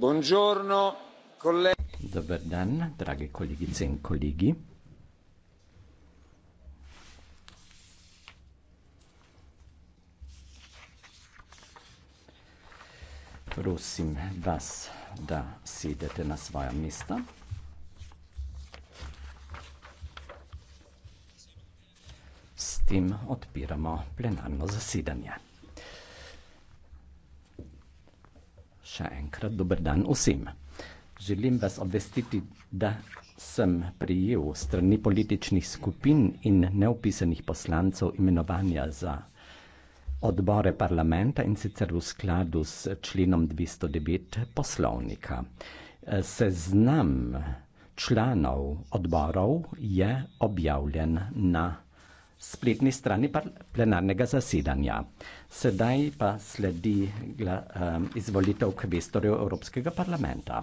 Dober dan, drage kolegice in kolegi. Prosim vas, da sedete na svoja mesta. S tem odpiramo plenarno zasedanje. še enkrat dober dan vsem. Želim vas obvestiti, da sem prijel strani političnih skupin in neopisanih poslancev imenovanja za odbore parlamenta in sicer v skladu s členom 209 poslovnika. Seznam članov odborov je objavljen na spletni strani plenarnega zasedanja. Sedaj pa sledi um, izvolitev kvestorjev Evropskega parlamenta.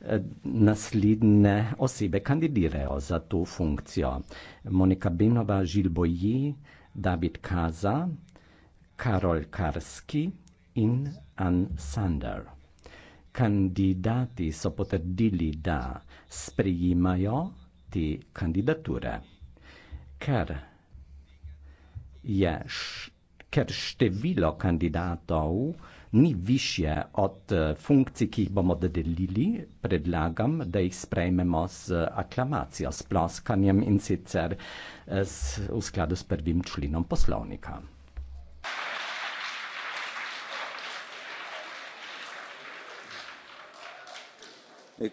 Eh, naslednje osebe kandidirajo za to funkcijo. Monika Benova, Žilboji, David Kaza, Karol Karski in Ann Sander. Kandidati so potrdili, da sprejimajo te kandidature. Ker je, š, ker število kandidatov ni više od eh, funkcij, ki jih bomo dodelili, predlagam, da jih sprejmemo z aklamacijo, s ploskanjem in sicer eh, s, v skladu s prvim členom poslovnika. E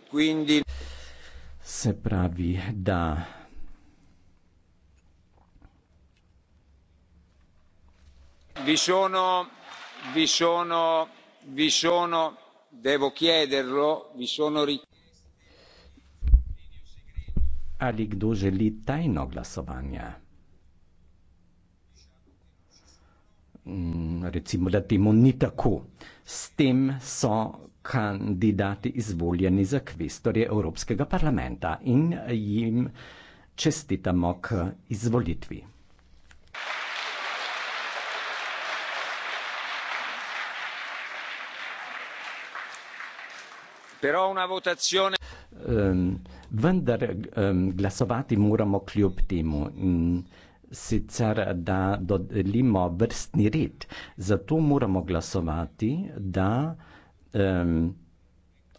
Se pravi, da vi sono devo chiederlo vi sono ali kdo želi tajno glasovanje mm, recimo da temu ni tako s tem so kandidati izvoljeni za kvestorje evropskega parlamenta in jim čestitamo k izvolitvi Ehm, vendar ehm, glasovati moramo kljub temu. In sicer, da dodelimo vrstni red, zato moramo glasovati, da um,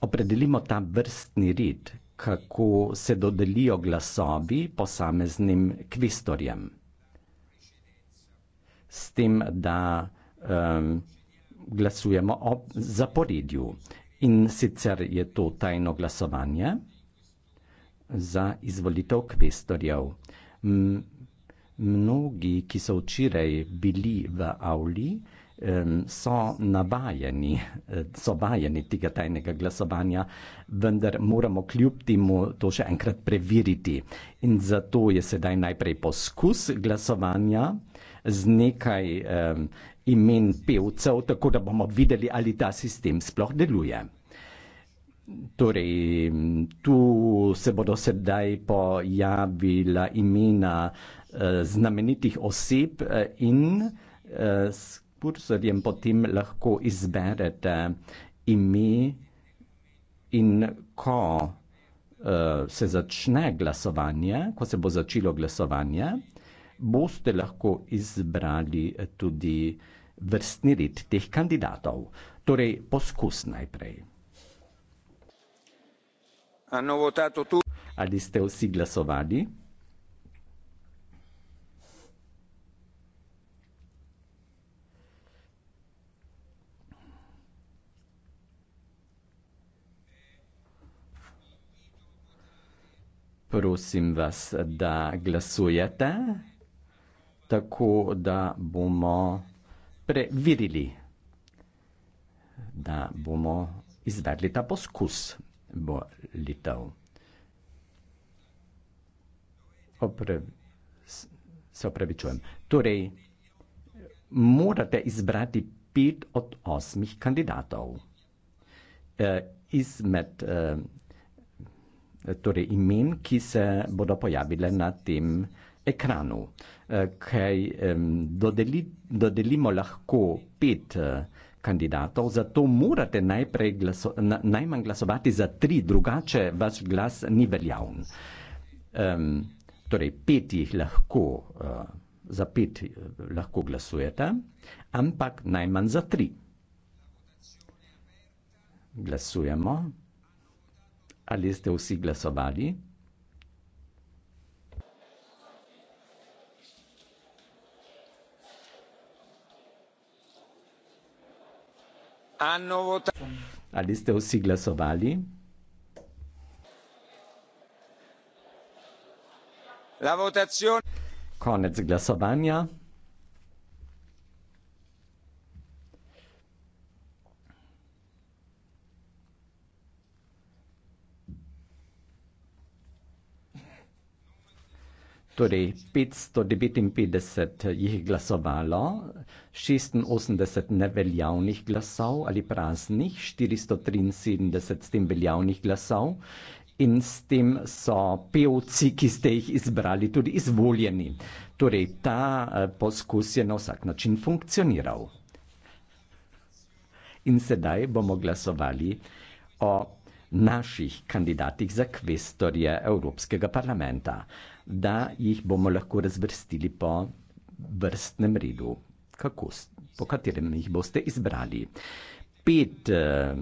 opredelimo ta vrstni red, kako se dodelijo glasovi posameznim kvistorjem. S tem, da um, glasujemo o zaporedju. In sicer je to tajno glasovanje za izvolitev kvestorjev. Mnogi, ki so včeraj bili v avli, so navajeni, so vajeni tega tajnega glasovanja, vendar moramo kljub temu to še enkrat preveriti. In zato je sedaj najprej poskus glasovanja z nekaj eh, imen pevcev, tako da bomo videli, ali ta sistem sploh deluje. Torej, tu se bodo sedaj pojavila imena eh, znamenitih oseb eh, in eh, s kursorjem potem lahko izberete ime in ko eh, se začne glasovanje, ko se bo začelo glasovanje, boste lahko izbrali tudi eh, vrstni red teh kandidatov. Torej, poskus najprej. Ali ste vsi glasovali? Prosim vas, da glasujete, tako da bomo previdili, da bomo izvedli ta poskus volitev. Se opravičujem. Torej, morate izbrati pet od osmih kandidatov. Eh, izmed eh, torej imen, ki se bodo pojavile na tem ekranu. Eh, Eh, kaj dodeli, dodelimo lahko pet eh, kandidatov, zato morate najprej glaso, na, najmanj glasovati za tri, drugače vaš glas ni veljavn. Um, torej, pet jih lahko, uh, za pet lahko glasujete, ampak najmanj za tri. Glasujemo. Ali ste vsi glasovali? Ali ste vsi glasovali? Konec glasovanja. Torej, 559 jih je glasovalo, 86 neveljavnih glasov ali praznih, 473 s tem veljavnih glasov in s tem so pevci, ki ste jih izbrali, tudi izvoljeni. Torej, ta eh, poskus je na vsak način funkcioniral. In sedaj bomo glasovali o naših kandidatih za kvestorje Evropskega parlamenta da jih bomo lahko razvrstili po vrstnem redu, kako, po katerem jih boste izbrali. Pet uh,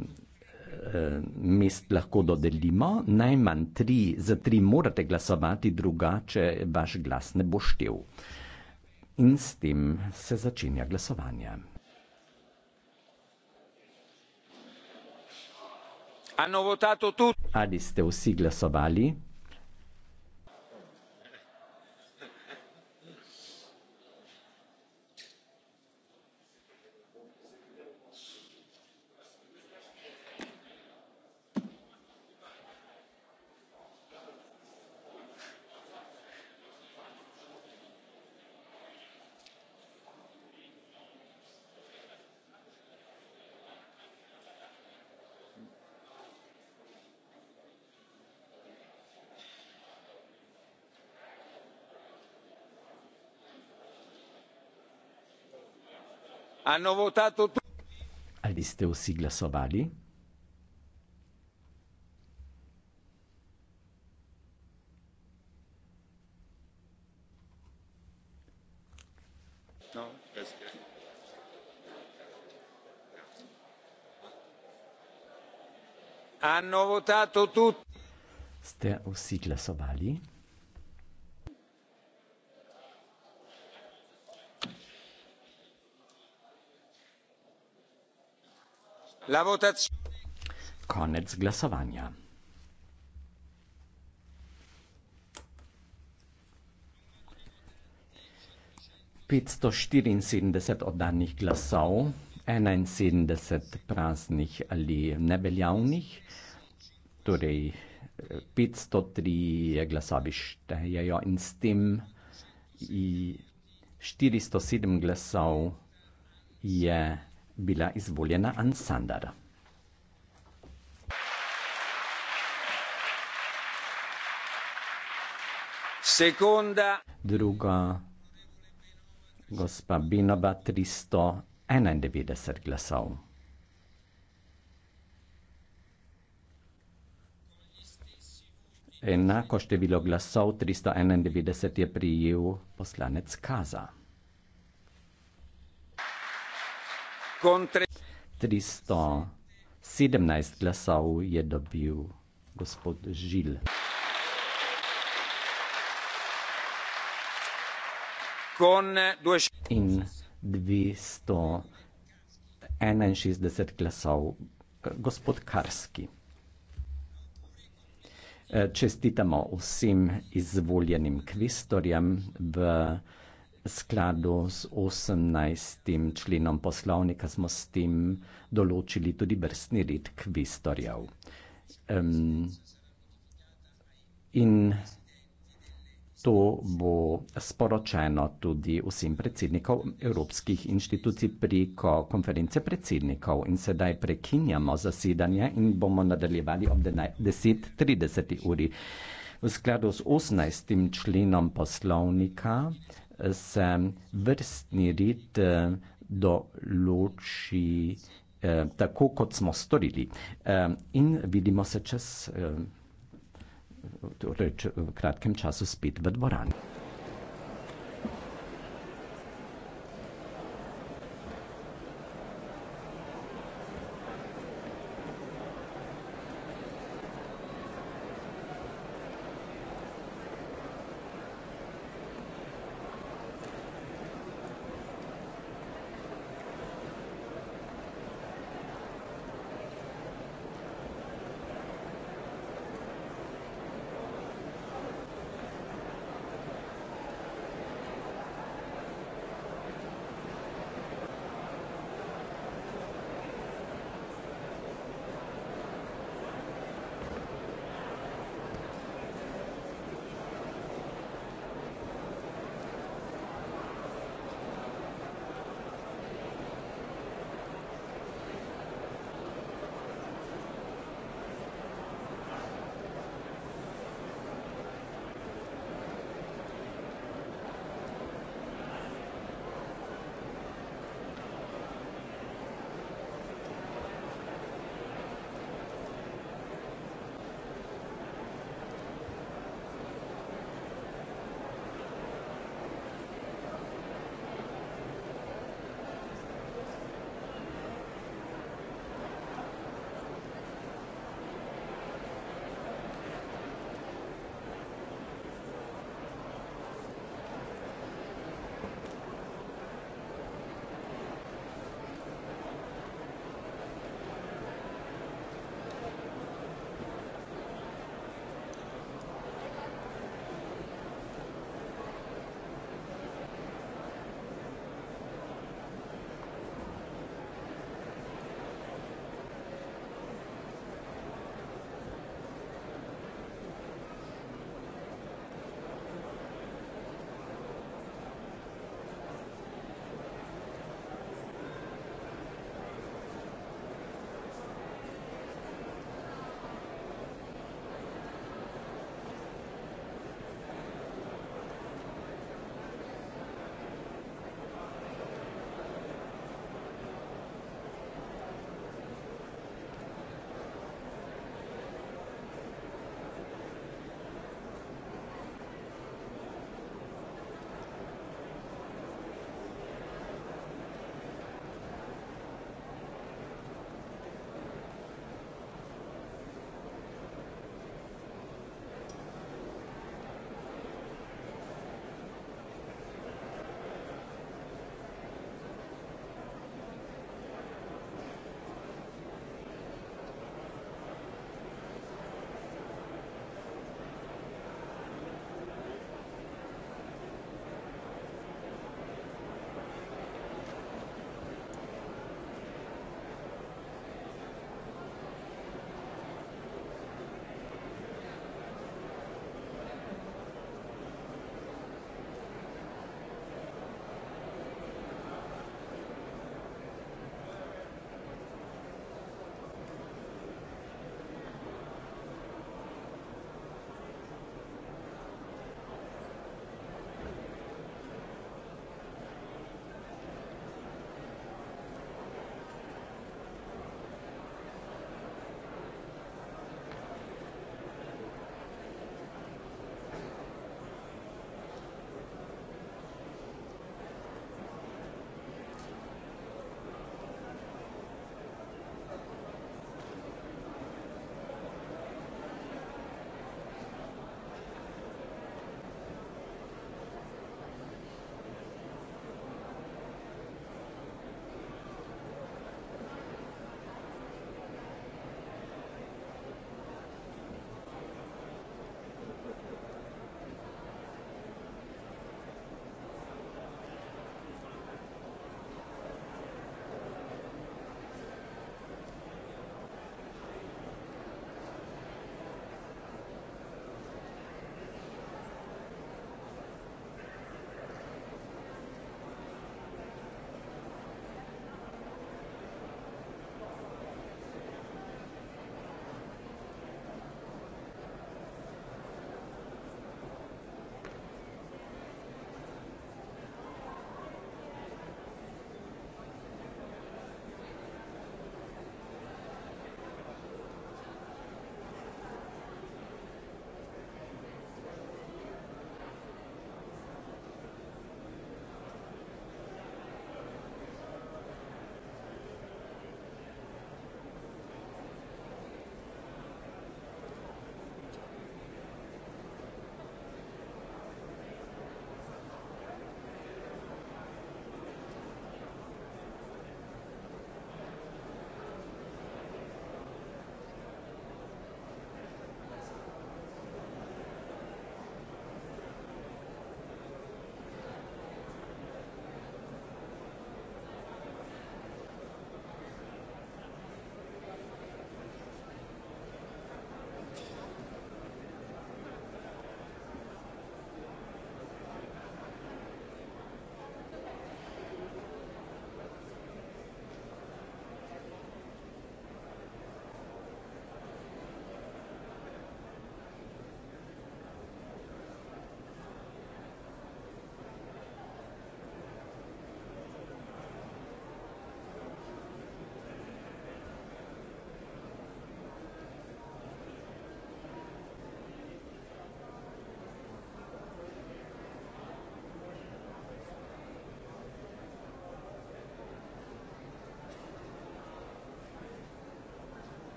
mest lahko dodelimo, najmanj tri, za tri morate glasovati, drugače vaš glas ne bo štev. In s tem se začenja glasovanje. Ali ste vsi glasovali? hanno votato tutti. Ali ste vsi glasovali? No. Hanno votato tutti. Ste vsi glasovali? Konec glasovanja. Petsto štiriinsedemdeset oddanih glasov, enainsedemdeset praznih ali neveljavnih, torej eh, petsto tri glasovi štejejo in s tem štiristo sedem glasov je bila izvoljena Ansandar. Sekunda. Druga gospa Binova 391 glasov. Enako število glasov 391 je prijel poslanec Kaza. 317 glasov je dobil gospod Žil. In 261 glasov gospod Karski. Čestitamo vsem izvoljenim kvistorjem v skladu z 18. členom poslovnika smo s tem določili tudi brstni red kvestorjev. Um, in to bo sporočeno tudi vsem predsednikom evropskih inštitucij preko konference predsednikov. In sedaj prekinjamo zasedanje in bomo nadaljevali ob 10.30 uri. V skladu z 18. členom poslovnika se vrstni red eh, določi eh, tako, kot smo storili. Eh, in vidimo se čez eh, torej, če, v kratkem času spet v dvorani.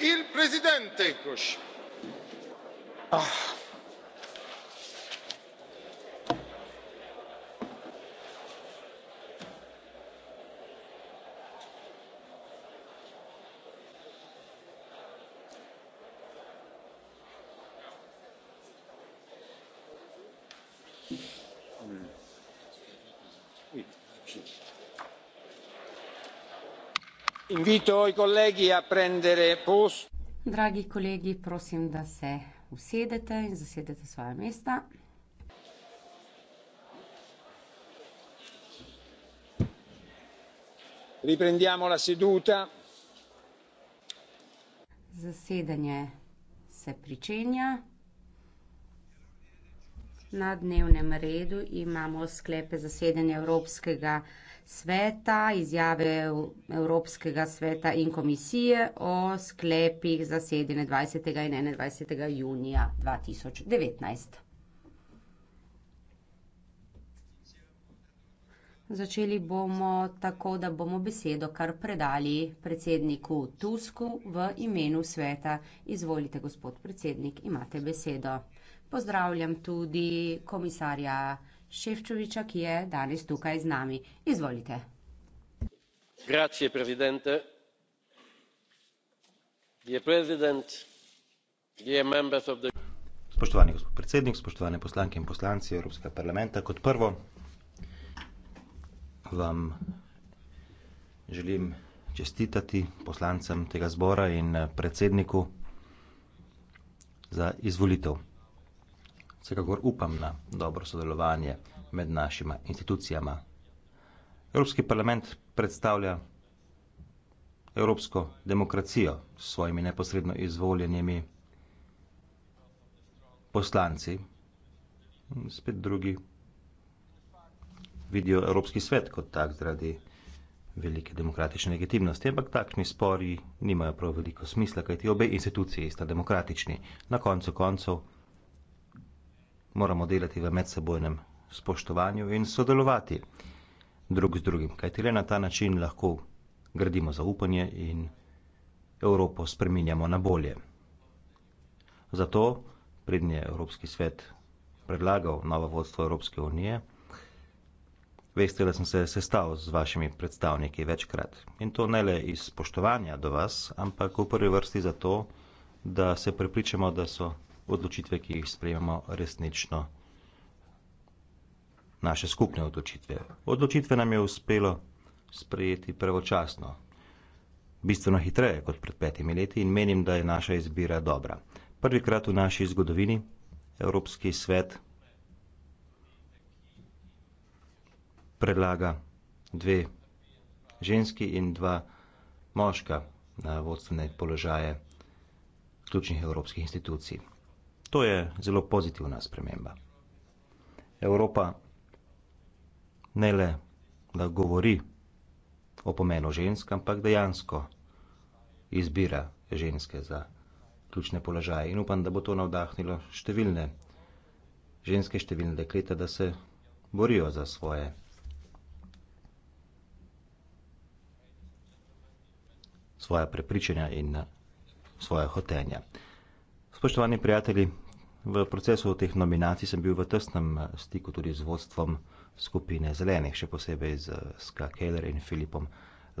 il presidente eccoci. invito i colleghi a prendere posto. Dragi colleghi, prosim da se usedete in zasedete svoje mesta. Riprendiamo la seduta. Zasedanje se pričenja. Na dnevnem redu imamo sklepe zasedanja Evropskega parlamenta sveta, izjave Evropskega sveta in komisije o sklepih za sedine 20. in 21. junija 2019. Začeli bomo tako, da bomo besedo kar predali predsedniku Tusku v imenu sveta. Izvolite, gospod predsednik, imate besedo. Pozdravljam tudi komisarja Tusku. Ševčoviča, ki je danes tukaj z nami. Izvolite. Grazie, presidente. Dear president, dear members of the... Spoštovani gospod predsednik, spoštovane poslanke in poslanci Evropskega parlamenta, kot prvo vam želim čestitati poslancem tega zbora in eh, predsedniku za izvolitev vsekakor upam na dobro sodelovanje med našima institucijama. Evropski parlament predstavlja evropsko demokracijo s svojimi neposredno izvoljenimi poslanci in spet drugi vidijo Evropski svet kot tak zaradi velike demokratične legitimnosti, ampak takšni spori nimajo prav veliko smisla, kajti obe instituciji sta demokratični. Na koncu koncev moramo delati v medsebojnem spoštovanju in sodelovati drug z drugim, kajti le na ta način lahko gradimo zaupanje in Evropo spreminjamo na bolje. Zato, prednje je Evropski svet predlagal novo vodstvo Evropske unije, veste, da sem se sestal z vašimi predstavniki večkrat. In to ne le iz spoštovanja do vas, ampak v prvi vrsti zato, da se prepričamo, da so odločitve, ki jih sprejemamo, resnično naše skupne odločitve. Odločitve nam je uspelo sprejeti pravočasno, bistveno hitreje kot pred petimi leti in menim, da je naša izbira dobra. Prvi krat v naši zgodovini Evropski svet predlaga dve ženski in dva moška na vodstvene položaje ključnih evropskih institucij. To je zelo pozitivna sprememba. Evropa ne le, da govori o pomenu žensk, ampak dejansko izbira ženske za ključne položaje. In upam, da bo to navdahnilo številne ženske, številne dekleta, da se borijo za svoje svoja prepričanja in eh, svoja hotenja. Spoštovani prijatelji, v procesu teh nominacij sem bil v tesnem eh, stiku tudi z vodstvom skupine Zelenih, še posebej z Ska Keller in Filipom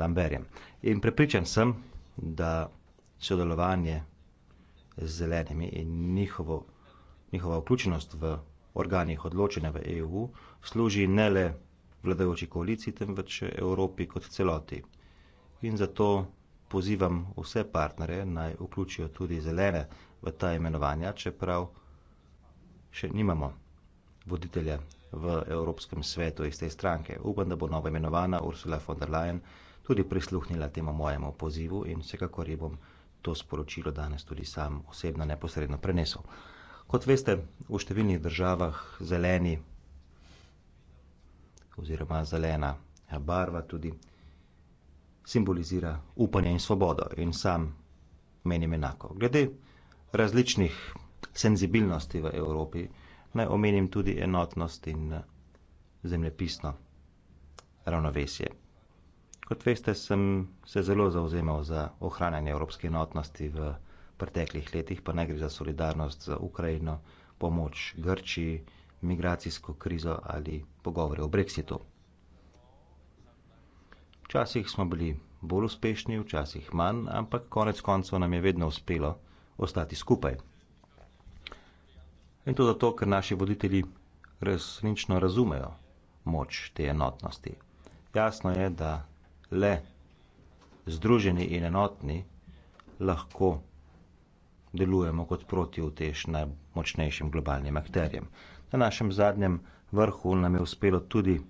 Lamberjem. In prepričan sem, da sodelovanje z zelenimi in njihovo, njihova vključenost v organih odločene v EU služi ne le vladajoči koaliciji, temveč Evropi kot celoti. In zato pozivam vse partnere naj vključijo tudi zelene v ta imenovanja, čeprav še nimamo voditelja v Evropskem svetu iz te stranke. Upam, da bo nova imenovana Ursula von der Leyen tudi prisluhnila temu mojemu pozivu in vsekakor ji bom to sporočilo danes tudi sam osebno neposredno prenesel. Kot veste, v številnih državah zeleni oziroma zelena barva tudi simbolizira upanje in svobodo in sam menim enako. Glede različnih senzibilnosti v Evropi naj omenim tudi enotnost in eh, zemljepisno ravnovesje. Kot veste, sem se zelo zauzemal za ohranjanje evropske enotnosti v preteklih letih, pa naj gre za solidarnost za Ukrajino, pomoč Grčiji, migracijsko krizo ali pogovore o brexitu. Včasih smo bili bolj uspešni, včasih manj, ampak konec koncev nam je vedno uspelo ostati skupaj. In to zato, ker naši voditelji resnično razumejo moč te enotnosti. Jasno je, da le združeni in enotni lahko delujemo kot protivtež najmočnejšim globalnim akterjem. Na našem zadnjem vrhu nam je uspelo tudi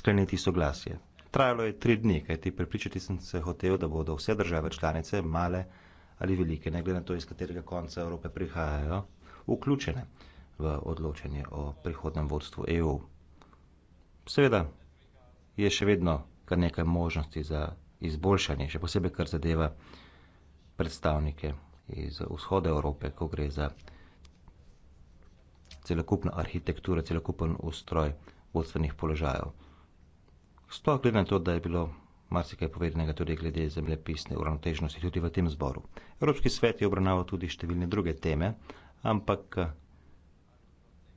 skleniti soglasje. Trajalo je tri dni, kajti pripričati sem se hotel, da bodo vse države članice, male ali velike, ne glede na to, iz katerega konca Evrope prihajajo, vključene v odločanje o prihodnem vodstvu EU. Seveda je še vedno kar nekaj možnosti za izboljšanje, še posebej kar zadeva predstavnike iz vzhoda Evrope, ko gre za celokupno arhitekturo, celokupen ustroj vodstvenih položajev. Sploh glede na to, da je bilo marsikaj povedanega tudi glede zemljepisne uravnoteženosti tudi v tem zboru. Evropski svet je obravnaval tudi številne druge teme, ampak eh,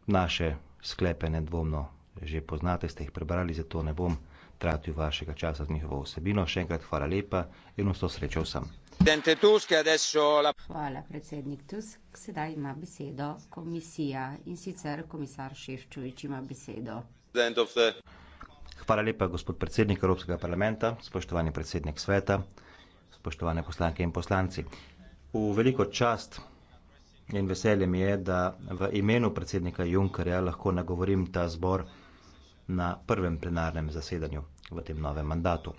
naše sklepe nedvomno že poznate, ste jih prebrali, zato ne bom tratil vašega časa z njihovo osebino. Še enkrat hvala lepa in vso srečo vsem. Hvala, predsednik Tusk. Sedaj ima besedo komisija in sicer komisar Šeščovič ima besedo. Hvala lepa, gospod predsednik Evropskega parlamenta, spoštovani predsednik sveta, spoštovane poslanke in poslanci. V veliko čast in veselje mi je, da v imenu predsednika Junkerja lahko nagovorim ta zbor na prvem plenarnem zasedanju v tem novem mandatu.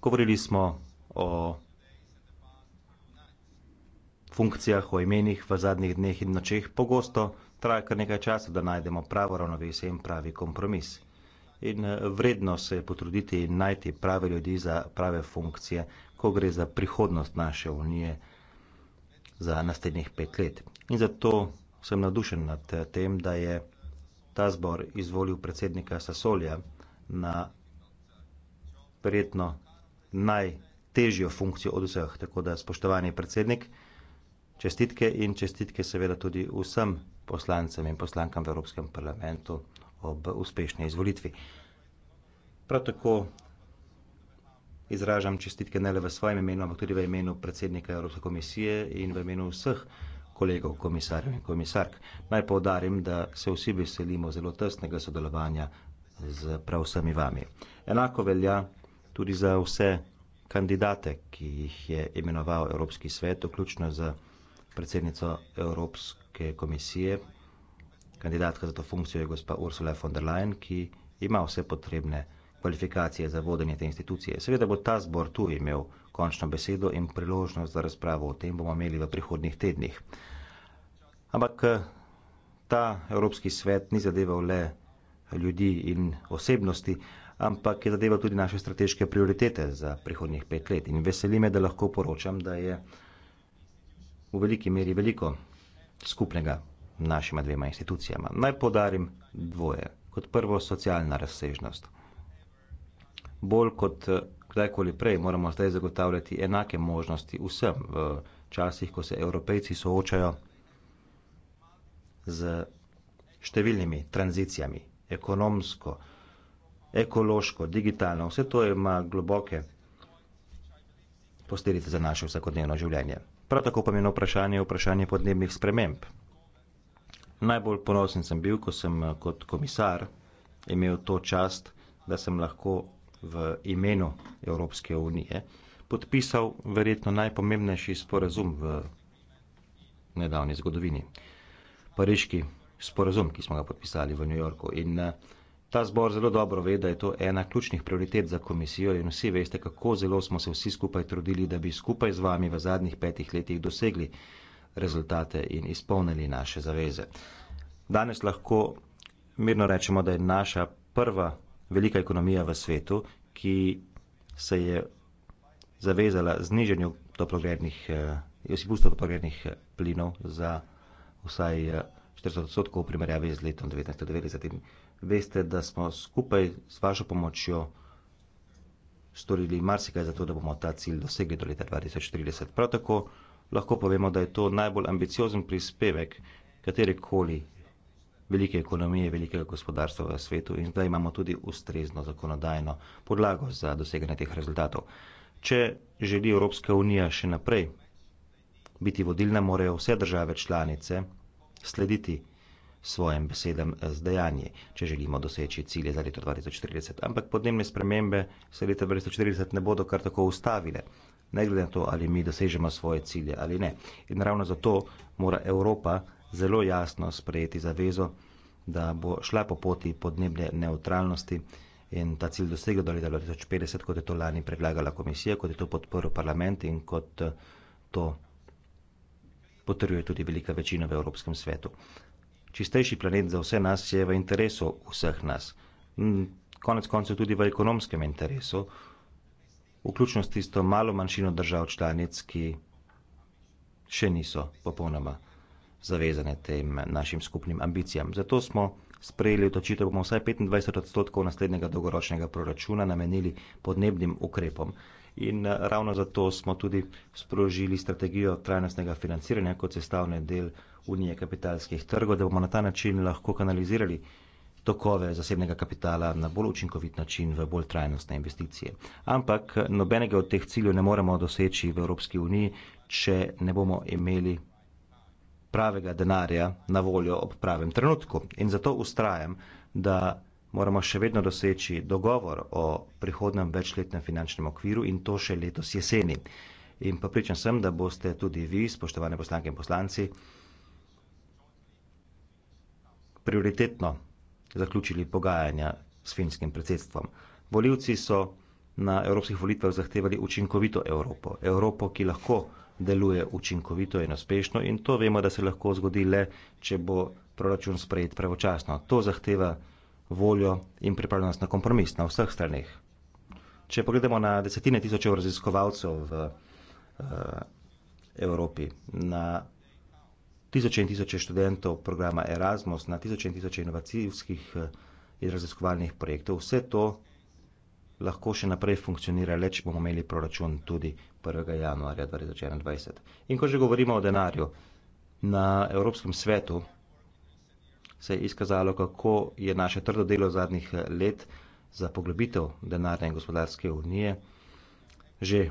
Govorili smo o funkcijah, o imenih v zadnjih dneh in nočeh, pogosto traja kar nekaj časa, da najdemo pravo ravnovesje in pravi kompromis in eh, vredno se je potruditi in najti prave ljudi za prave funkcije, ko gre za prihodnost naše unije za naslednjih pet let. In zato sem nadušen nad eh, tem, da je ta zbor izvolil predsednika Sasolja na verjetno najtežjo funkcijo od vseh. Tako da, spoštovani predsednik, čestitke in čestitke seveda tudi vsem poslancem in poslankam v Evropskem parlamentu ob uspešni izvolitvi. Prav tako izražam čestitke ne le v svojem imenu, ampak tudi v imenu predsednika Evropske komisije in v imenu vseh kolegov, komisarjev in komisark. Naj poudarim, da se vsi veselimo zelo tesnega sodelovanja z prav vsemi vami. Enako velja tudi za vse kandidate, ki jih je imenoval Evropski svet, vključno z predsednico Evropske komisije, Kandidatka za to funkcijo je gospa Ursula von der Leyen, ki ima vse potrebne kvalifikacije za vodenje te institucije. Seveda bo ta zbor tu imel končno besedo in priložnost za razpravo o tem bomo imeli v prihodnih tednih. Ampak ta Evropski svet ni zadeval le ljudi in osebnosti, ampak je zadeval tudi naše strateške prioritete za prihodnih pet let. In veseli me, da lahko poročam, da je v veliki meri veliko skupnega našima dvema institucijama. Naj podarim dvoje. Kot prvo, socialna razsežnost. Bolj kot eh, kdajkoli prej moramo zdaj zagotavljati enake možnosti vsem v časih, ko se evropejci soočajo z številnimi tranzicijami, ekonomsko, ekološko, digitalno, vse to ima globoke posledice za naše vsakodnevno življenje. Prav tako pa je eno vprašanje, vprašanje podnebnih sprememb. Najbolj ponosen sem bil, ko sem eh, kot komisar imel to čast, da sem lahko v imenu Evropske unije podpisal verjetno najpomembnejši sporazum v nedavni zgodovini. Pariški sporazum, ki smo ga podpisali v New Yorku. In eh, ta zbor zelo dobro ve, da je to ena ključnih prioritet za komisijo in vsi veste, kako zelo smo se vsi skupaj trudili, da bi skupaj z vami v zadnjih petih letih dosegli rezultate in izpolnili naše zaveze. Danes lahko mirno rečemo, da je naša prva velika ekonomija v svetu, ki se je zavezala zniženju toplogrednih, eh, izpustov toplogrednih eh, plinov za vsaj 40 eh, odstotkov v primerjavi z letom 1990. Veste, da smo skupaj s vašo pomočjo storili marsikaj za to, da bomo ta cilj dosegli do leta 2030. Prav tako lahko povemo, da je to najbolj ambiciozen prispevek katerekoli velike ekonomije, velikega gospodarstva v svetu in zdaj imamo tudi ustrezno zakonodajno podlago za doseganje teh rezultatov. Če želi Evropska unija še naprej biti vodilna, morajo vse države članice slediti svojim besedam z dejanji, če želimo doseči cilje za leto 2040. Ampak podnebne spremembe se leta 2040 ne bodo kar tako ustavile ne glede na to, ali mi dosežemo svoje cilje ali ne. In ravno zato mora Evropa zelo jasno sprejeti zavezo, da bo šla po poti podnebne neutralnosti in ta cilj dosegla do leta 2050, kot je to lani predlagala komisija, kot je to podporil parlament in kot to potrjuje tudi velika večina v Evropskem svetu. Čistejši planet za vse nas je v interesu vseh nas. Konec koncev tudi v ekonomskem interesu, vključno s tisto malo manjšino držav članic, ki še niso popolnoma zavezane tem našim skupnim ambicijam. Zato smo sprejeli odločitev, bomo vsaj 25 odstotkov naslednjega dolgoročnega proračuna namenili podnebnim ukrepom. In eh, ravno zato smo tudi sprožili strategijo trajnostnega financiranja kot sestavni del Unije kapitalskih trgov, da bomo na ta način lahko kanalizirali tokove zasebnega kapitala na bolj učinkovit način v bolj trajnostne investicije. Ampak nobenega od teh ciljev ne moremo doseči v Evropski uniji, če ne bomo imeli pravega denarja na voljo ob pravem trenutku. In zato ustrajam, da moramo še vedno doseči dogovor o prihodnem večletnem finančnem okviru in to še letos jeseni. In pa pričam sem, da boste tudi vi, spoštovane poslanke in poslanci, prioritetno zaključili pogajanja s finskim predsedstvom. Voljivci so na evropskih volitvah zahtevali učinkovito Evropo. Evropo, ki lahko deluje učinkovito in uspešno in to vemo, da se lahko zgodi le, če bo proračun sprejet pravočasno. To zahteva voljo in pripravljenost na kompromis na vseh straneh. Če pogledamo na desetine tisočev raziskovalcev v uh, Evropi, na tisoče in tisoče študentov programa Erasmus, na tisoče in tisoče inovacijskih eh, in raziskovalnih projektov. Vse to lahko še naprej funkcionira, le če bomo imeli proračun tudi 1. januarja 2021. In ko že govorimo o denarju, na Evropskem svetu se je izkazalo, kako je naše trdo delo zadnjih eh, let za poglobitev denarne in gospodarske unije že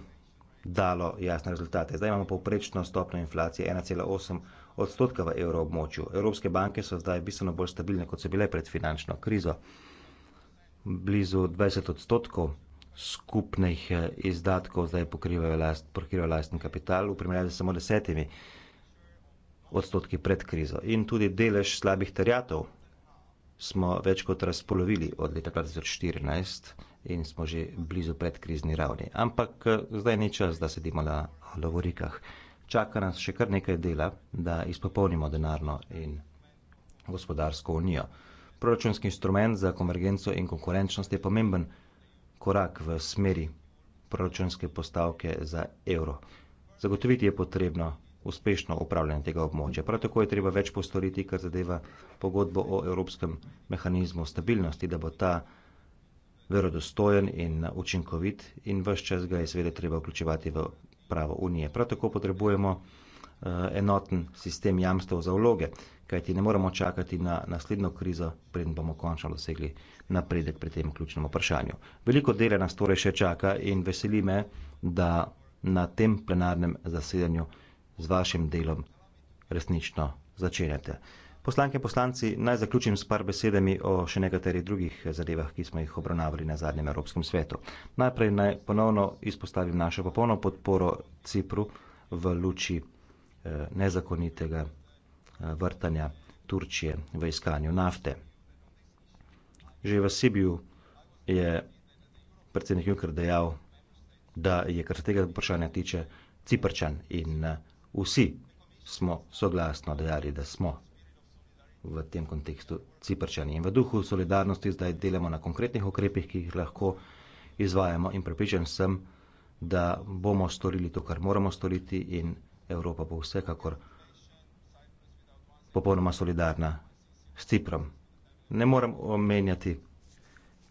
dalo jasne rezultate. Zdaj imamo povprečno stopno inflacije 1,8 odstotka odstotka v evroobmočju. Evropske banke so zdaj bistveno bolj stabilne, kot so bile pred finančno krizo. Blizu 20 odstotkov skupnih eh, izdatkov zdaj pokrivajo last, pokriva lasten kapital, v primerjavi samo desetimi odstotki pred krizo. In tudi delež slabih terjatov smo več kot razpolovili od leta 2014 in smo že blizu predkrizni ravni. Ampak eh, zdaj ni čas, da sedimo na lovorikah čaka nas še kar nekaj dela, da izpopolnimo denarno in gospodarsko unijo. Proračunski instrument za konvergenco in konkurenčnost je pomemben korak v smeri proračunske postavke za evro. Zagotoviti je potrebno uspešno upravljanje tega območja. Prav tako je treba več postoriti, kar zadeva pogodbo o evropskem mehanizmu stabilnosti, da bo ta verodostojen in učinkovit in vse čas ga je seveda treba vključevati v pravo unije. Prav tako potrebujemo eh, enoten sistem jamstev za vloge, kajti ne moremo čakati na naslednjo krizo, preden bomo končno dosegli napredek pri tem ključnem vprašanju. Veliko dele nas torej še čaka in veseli me, da na tem plenarnem zasedanju z vašim delom resnično začenjate. Poslanke in poslanci, naj zaključim s par besedami o še nekaterih drugih zadevah, ki smo jih obravnavali na zadnjem Evropskem svetu. Najprej naj ponovno izpostavim našo popolno podporo Cipru v luči eh, nezakonitega eh, vrtanja Turčije v iskanju nafte. Že v Sibiju je predsednik Juncker dejal, da je, kar se tega vprašanja tiče, Ciprčan in eh, vsi smo soglasno dejali, da smo v tem kontekstu ciprčani. In v duhu solidarnosti zdaj delamo na konkretnih ukrepih, ki jih lahko izvajamo in prepričan sem, da bomo storili to, kar moramo storiti in Evropa bo vsekakor popolnoma solidarna s Ciprom. Ne morem omenjati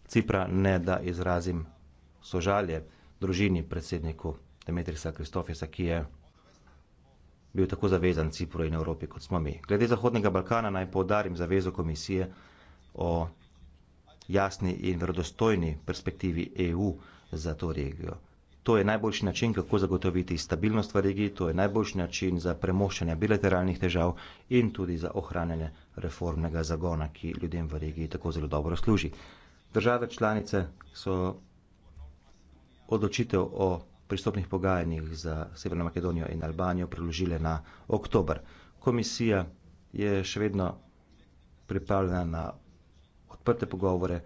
Cipra, ne da izrazim sožalje družini predsedniku Demetrisa Kristofisa, ki je bil tako zavezan Cipru in Evropi, kot smo mi. Glede Zahodnega Balkana naj povdarim zavezo komisije o jasni in verodostojni perspektivi EU za to regijo. To je najboljši način, kako zagotoviti stabilnost v regiji, to je najboljši način za premoščanje bilateralnih težav in tudi za ohranjanje reformnega zagona, ki ljudem v regiji tako zelo dobro služi. Države članice so odločitev o pristopnih pogajanjih za Severno Makedonijo in Albanijo preložile na oktober. Komisija je še vedno pripravljena na odprte pogovore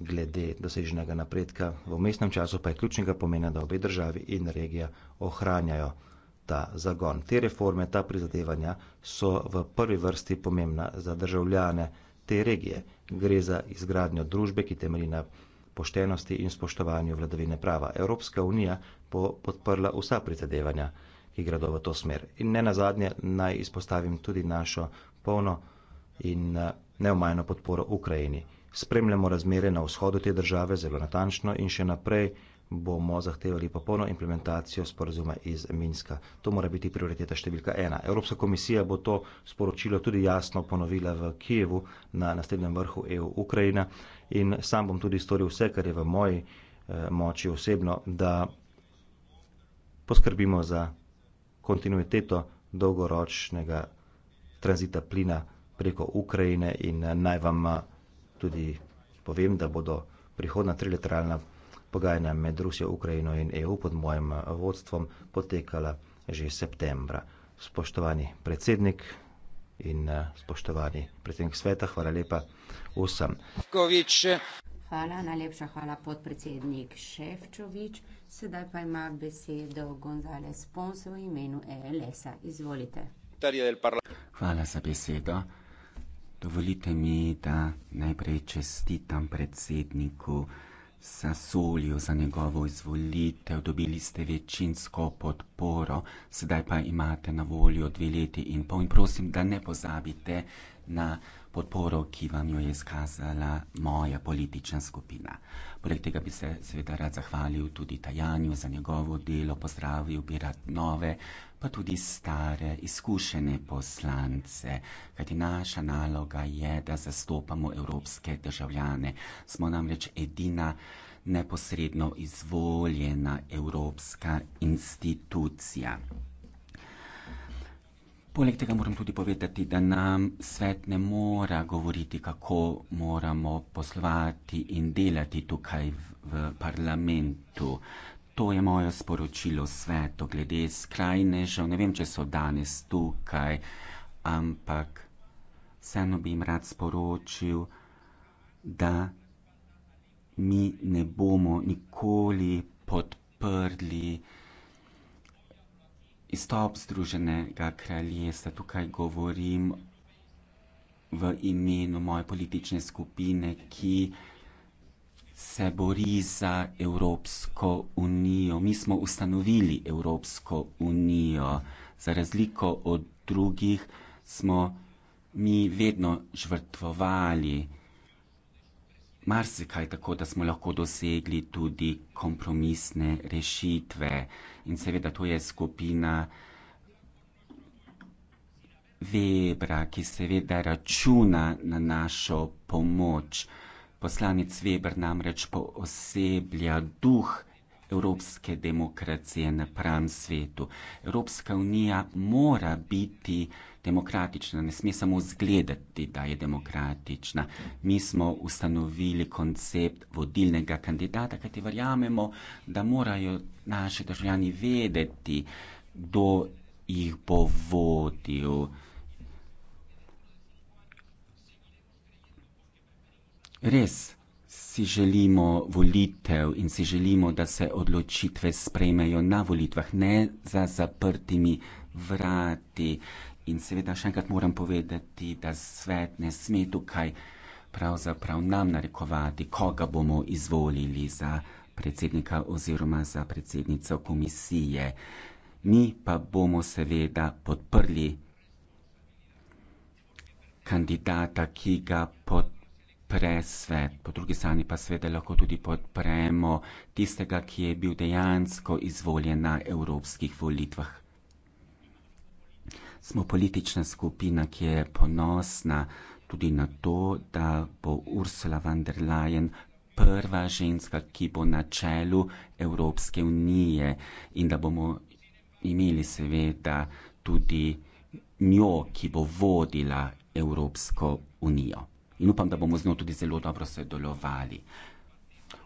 glede doseženega napredka, v mestnem času pa je ključnega pomena, da obe državi in regija ohranjajo ta zagon. Te reforme, ta prizadevanja so v prvi vrsti pomembna za državljane te regije. Gre za izgradnjo družbe, ki temelji na poštenosti in spoštovanju vladavine prava. Evropska unija bo podprla vsa prizadevanja, ki gredo v to smer. In ne na zadnje, naj izpostavim tudi našo polno in eh, neumajno podporo Ukrajini. Spremljamo razmere na vzhodu te države zelo natančno in še naprej bomo zahtevali popolno implementacijo sporazuma iz Minska. To mora biti prioriteta številka ena. Evropska komisija bo to sporočilo tudi jasno ponovila v Kijevu na naslednjem vrhu EU-Ukrajina in sam bom tudi storil vse, kar je v moji eh, moči osebno, da poskrbimo za kontinuiteto dolgoročnega tranzita plina preko Ukrajine in eh, naj vam eh, tudi povem, da bodo prihodna trilateralna pogajanja med Rusijo, Ukrajino in EU pod mojim eh, vodstvom potekala že septembra. Spoštovani predsednik in eh, spoštovani predsednik sveta, hvala lepa vsem. Hvala, najlepša hvala podpredsednik Ševčovič. Sedaj pa ima besedo Gonzales Pons v imenu ELS-a. Izvolite. Hvala za besedo. Dovolite mi, da najprej čestitam predsedniku Za soljo, za njegovo izvolitev dobili ste večinsko podporo, sedaj pa imate na voljo dve leti in pol in prosim, da ne pozabite na podporo, ki vam jo je izkazala moja politična skupina. Poleg tega bi se seveda rad zahvalil tudi Tajanju za njegovo delo, pozdravil bi rad nove, pa tudi stare, izkušene poslance, kajti naša naloga je, da zastopamo evropske državljane. Smo namreč edina neposredno izvoljena evropska institucija. Poleg tega moram tudi povedati, da nam svet ne mora govoriti, kako moramo poslovati in delati tukaj v, v parlamentu. To je moje sporočilo svetu glede skrajnežev. Ne vem, če so danes tukaj, ampak vseeno bi jim rad sporočil, da mi ne bomo nikoli podprli izstop Združenega kraljestva. Tukaj govorim v imenu moje politične skupine, ki se bori za Evropsko unijo. Mi smo ustanovili Evropsko unijo. Za razliko od drugih smo mi vedno žrtvovali marsikaj tako, da smo lahko dosegli tudi kompromisne rešitve. In seveda to je skupina Vebra, ki seveda računa na našo pomoč. Poslanec Weber namreč pooseblja duh evropske demokracije na pravem svetu. Evropska unija mora biti demokratična, ne sme samo zgledati, da je demokratična. Mi smo ustanovili koncept vodilnega kandidata, kajti verjamemo, da morajo naši državljani vedeti, kdo jih bo vodil. Res si želimo volitev in si želimo, da se odločitve sprejmejo na volitvah, ne za zaprtimi vrati. Uh, In seveda še enkrat moram povedati, da svet ne sme tukaj pravzaprav nam narekovati, koga bomo izvolili za predsednika oziroma za predsednico komisije. Mi pa bomo seveda podprli kandidata, ki ga podpre svet. Po drugi strani pa seveda lahko tudi podpremo tistega, ki je bil dejansko izvoljen na evropskih volitvah smo politična skupina, ki je ponosna tudi na to, da bo Ursula von der Leyen prva ženska, ki bo na čelu Evropske unije in da bomo imeli seveda tudi njo, ki bo vodila Evropsko unijo. In upam, da bomo z njo tudi zelo dobro sodelovali.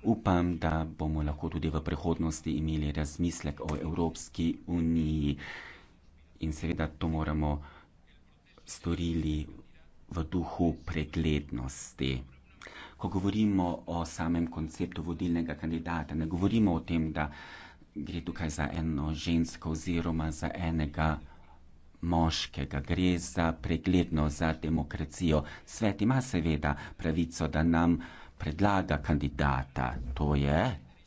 Upam, da bomo lahko tudi v prihodnosti imeli razmislek o Evropski uniji in seveda to moramo storili v duhu preglednosti. Ko govorimo o samem konceptu vodilnega kandidata, ne govorimo o tem, da gre tukaj za eno žensko oziroma za enega moškega. Gre za pregledno za demokracijo. Svet ima seveda pravico, da nam predlaga kandidata. To je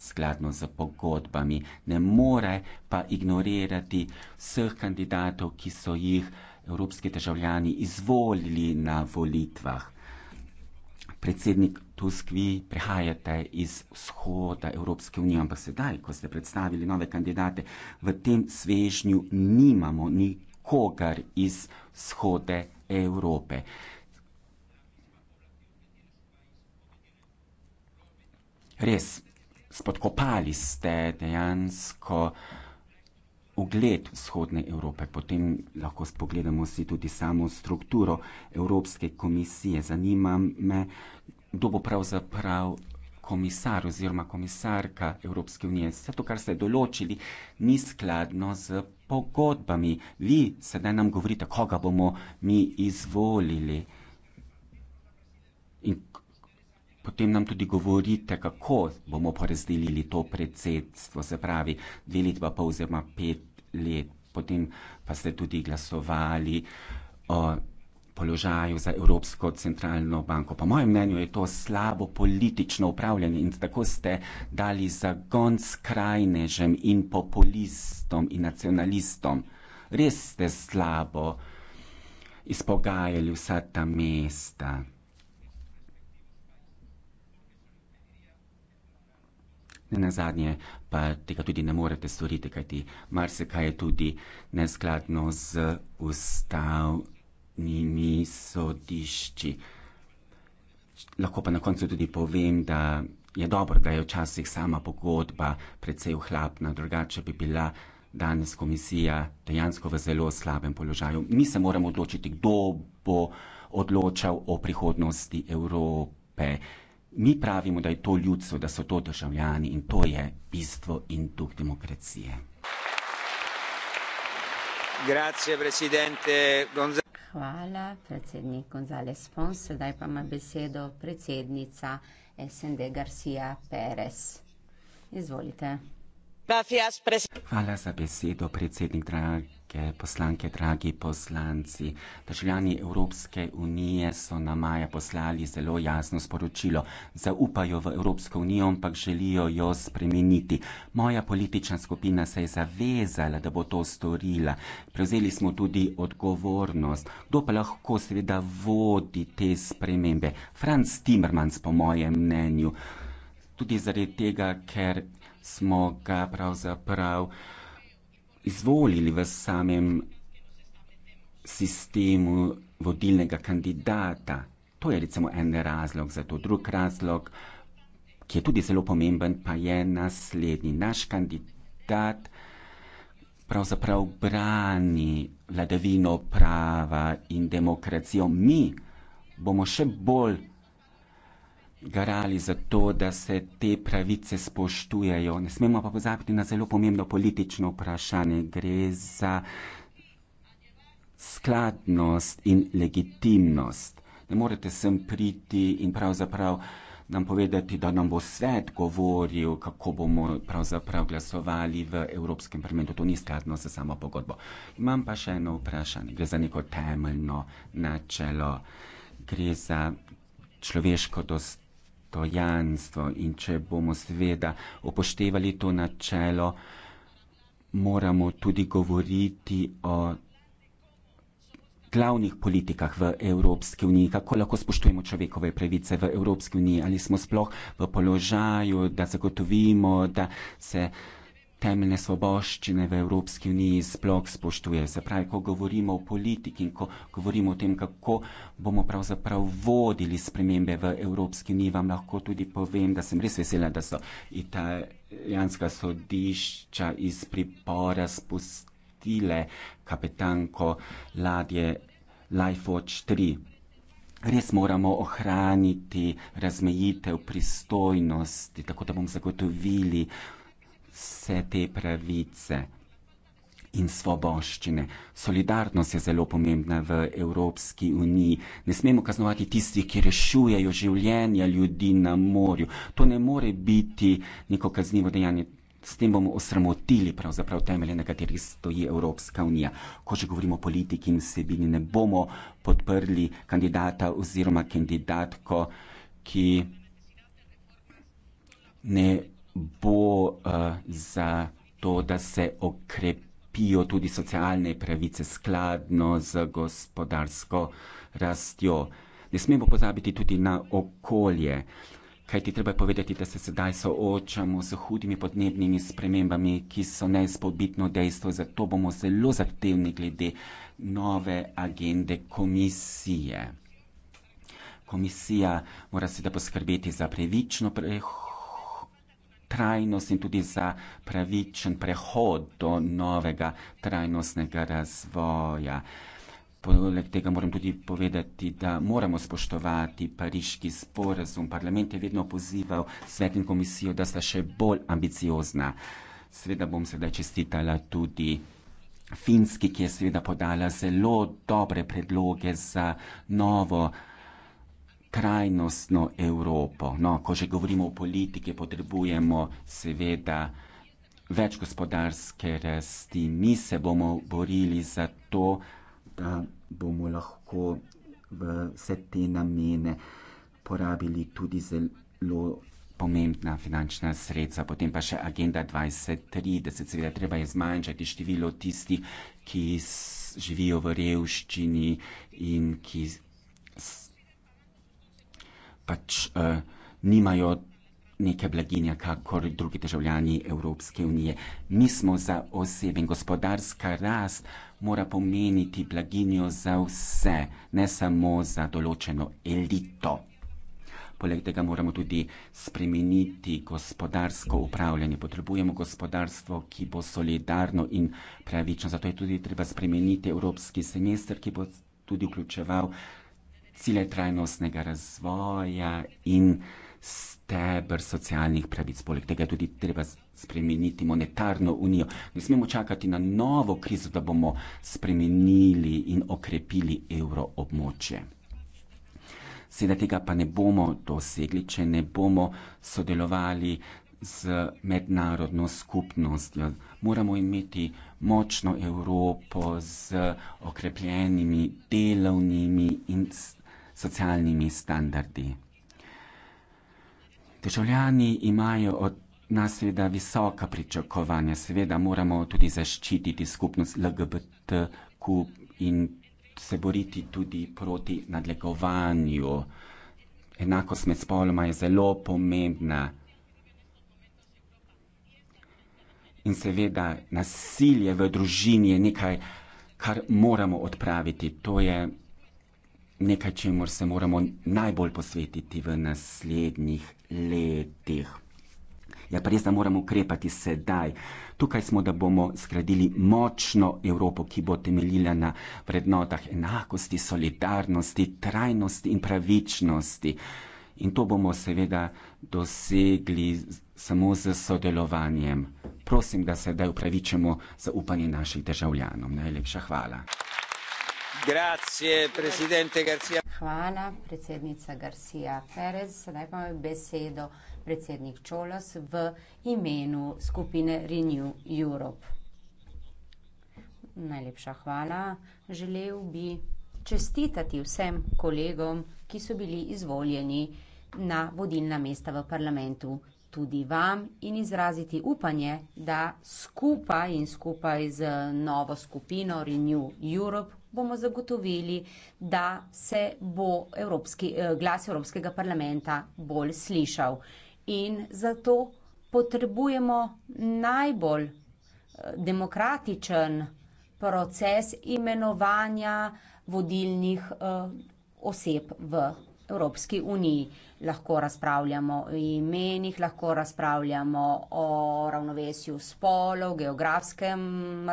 skladno z pogodbami, ne more pa ignorirati vseh kandidatov, ki so jih evropski državljani izvolili na volitvah. Predsednik Tusk, vi prihajate iz vzhoda Evropske unije, ampak sedaj, ko ste predstavili nove kandidate, v tem svežnju nimamo nikogar iz vzhode Evrope. Res, spodkopali ste dejansko ugled vzhodne Evrope. Potem lahko spogledamo si tudi samo strukturo Evropske komisije. Zanima me, kdo bo pravzaprav komisar oziroma komisarka Evropske unije. Vse to, kar ste določili, ni skladno z pogodbami. Vi sedaj nam govorite, koga bomo mi izvolili. potem nam tudi govorite, kako bomo porazdelili to predsedstvo, se pravi dve leti pa pol oziroma pet let, potem pa ste tudi glasovali o položaju za Evropsko centralno banko. Po mojem mnenju je to slabo politično upravljanje in tako ste dali zagon skrajnežem in populistom in nacionalistom. Res ste slabo izpogajali vsa ta mesta. Ne na zadnje pa tega tudi ne morete storiti, kajti marsikaj je tudi neskladno z ustavnimi sodišči. Lahko pa na koncu tudi povem, da je dobro, da je včasih sama pogodba precej ohlapna, drugače bi bila danes komisija dejansko v zelo slabem položaju. Mi se moramo odločiti, kdo bo odločal o prihodnosti Evrope. Mi pravimo, da je to ljudstvo, da so to državljani in to je bistvo in duh demokracije. Hvala, predsednik Gonzales Fon. Sedaj pa ima besedo predsednica SND Garcia Perez. Izvolite. Hvala za besedo, predsednik Draga. Dragi poslanke, dragi poslanci, državljani Evropske unije so na maja poslali zelo jasno sporočilo. Zaupajo v Evropsko unijo, ampak želijo jo spremeniti. Moja politična skupina se je zavezala, da bo to storila. Prevzeli smo tudi odgovornost. Kdo pa lahko seveda vodi te spremembe? Franz Timmermans, po mojem mnenju. Tudi zaradi tega, ker smo ga pravzaprav. Prav izvolili v samem sistemu vodilnega kandidata. To je recimo en razlog za to. Drug razlog, ki je tudi zelo pomemben, pa je naslednji. Naš kandidat pravzaprav brani vladavino prava in demokracijo. Mi bomo še bolj garali za to, da se te pravice spoštujejo. Ne smemo pa pozabiti na zelo pomembno politično vprašanje. Gre za skladnost in legitimnost. Ne morete sem priti in pravzaprav nam povedati, da nam bo svet govoril, kako bomo pravzaprav glasovali v Evropskem parlamentu. To ni skladno za samo pogodbo. Imam pa še eno vprašanje. Gre za neko temeljno načelo. Gre za človeško dostojanstvo to janstvo in če bomo seveda upoštevali to načelo, moramo tudi govoriti o glavnih politikah v Evropski uniji, kako lahko spoštujemo človekove pravice v Evropski uniji, ali smo sploh v položaju, da zagotovimo, da se uh, temeljne svoboščine v Evropski uniji sploh spoštuje. Se pravi, ko govorimo o politiki in ko govorimo o tem, kako bomo pravzaprav vodili spremembe v Evropski uniji, vam lahko tudi povem, da sem res vesela, da so italijanska sodišča iz pripora spustile kapetanko ladje LifeWatch 3. Res moramo ohraniti razmejitev pristojnosti, tako da bomo zagotovili vse te pravice in svoboščine. Solidarnost je zelo pomembna v Evropski uniji. Ne smemo kaznovati tistih, ki rešujejo življenja ljudi na morju. To ne more biti neko kaznivo dejanje. S tem bomo osramotili pravzaprav temelje, na katerih stoji Evropska unija. Ko že govorimo o politiki in vsebini, ne bomo podprli kandidata oziroma kandidatko, ki ne bo uh, za to, da se okrepijo tudi socialne pravice skladno z gospodarsko rastjo. Ne smemo pozabiti tudi na okolje, kajti treba je povedati, da se sedaj soočamo z hudimi podnebnimi spremembami, ki so neizpodbitno dejstvo, zato bomo zelo zahtevni glede nove agende komisije. Komisija mora seveda poskrbeti za prevično prehod trajnost in tudi za pravičen prehod do novega trajnostnega razvoja. Poleg tega moram tudi povedati, da moramo spoštovati pariški sporazum. Parlament je vedno pozival svet in komisijo, da sta še bolj ambiciozna. Sveda bom sedaj čestitala tudi Finski, ki je sveda podala zelo dobre predloge za novo trajnostno Evropo. No, ko že govorimo o politiki, potrebujemo seveda več gospodarske rasti. Mi se bomo borili za to, da bomo lahko vse te namene porabili tudi zelo pomembna finančna sredstva. Potem pa še agenda 2030. Seveda treba je zmanjšati število tistih, ki živijo v revščini in ki pač uh, nimajo neke blaginje, kakor drugi državljani Evropske unije. Mi smo za osebe in gospodarska rast mora pomeniti blaginjo za vse, ne samo za določeno elito. Poleg tega moramo tudi spremeniti gospodarsko upravljanje. Potrebujemo gospodarstvo, ki bo solidarno in pravično. Zato je tudi treba spremeniti evropski semester, ki bo tudi vključeval cilje trajnostnega razvoja in stebr socialnih pravic. Poleg tega je tudi treba spremeniti monetarno unijo. Ne smemo čakati na novo krizo, da bomo spremenili in okrepili evro območje. Seveda tega pa ne bomo dosegli, če ne bomo sodelovali z mednarodno skupnostjo. Moramo imeti močno Evropo z okrepljenimi delovnimi in stebrami socialnimi standardi. Državljani imajo od nas seveda visoka pričakovanja, seveda moramo tudi zaščititi skupnost LGBTQ in se boriti tudi proti nadlegovanju. Enakost med spoloma je zelo pomembna. In seveda nasilje v družini je nekaj, kar moramo odpraviti, to je nekaj, čemu se moramo najbolj posvetiti v naslednjih letih. Ja, pa res, da moramo ukrepati sedaj. Tukaj smo, da bomo zgradili močno Evropo, ki bo temeljila na vrednotah enakosti, solidarnosti, trajnosti in pravičnosti. In to bomo seveda dosegli samo z sodelovanjem. Prosim, da sedaj upravičemo zaupanje naših državljanom. Najlepša hvala. Hvala, predsednica Garcia Perez, sedaj pa ima besedo predsednik Ciolos v imenu skupine Renew Europe. Najlepša hvala. Želel bi čestitati vsem kolegom, ki so bili izvoljeni na vodilna mesta v parlamentu, tudi vam, in izraziti upanje, da skupaj in skupaj z novo skupino Renew Europe bomo zagotovili, da se bo evropski, eh, glas Evropskega parlamenta bolj slišal. In zato potrebujemo najbolj eh, demokratičen proces imenovanja vodilnih eh, oseb v Evropski uniji lahko razpravljamo, o imenih lahko razpravljamo, o ravnovesju spolov, geografskem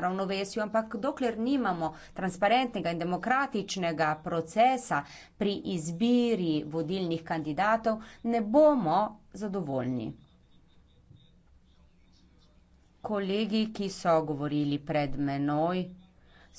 ravnovesju, ampak dokler nimamo transparentnega in demokratičnega procesa pri izbiri vodilnih kandidatov, ne bomo zadovoljni. Kolegi, ki so govorili pred menoj,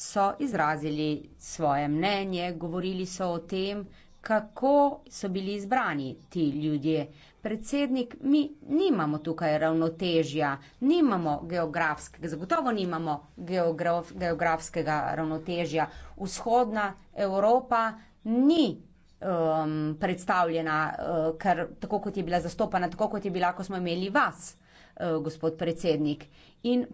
so izrazili svoje mnenje, govorili so o tem, kako so bili izbrani ti ljudje. Predsednik, mi nimamo tukaj ravnotežja, nimamo geografskega, zagotovo nimamo geograf, geografskega ravnotežja. Vzhodna Evropa ni um, predstavljena, uh, kar, tako kot je bila zastopana, tako kot je bila, ko smo imeli vas, uh, gospod predsednik. In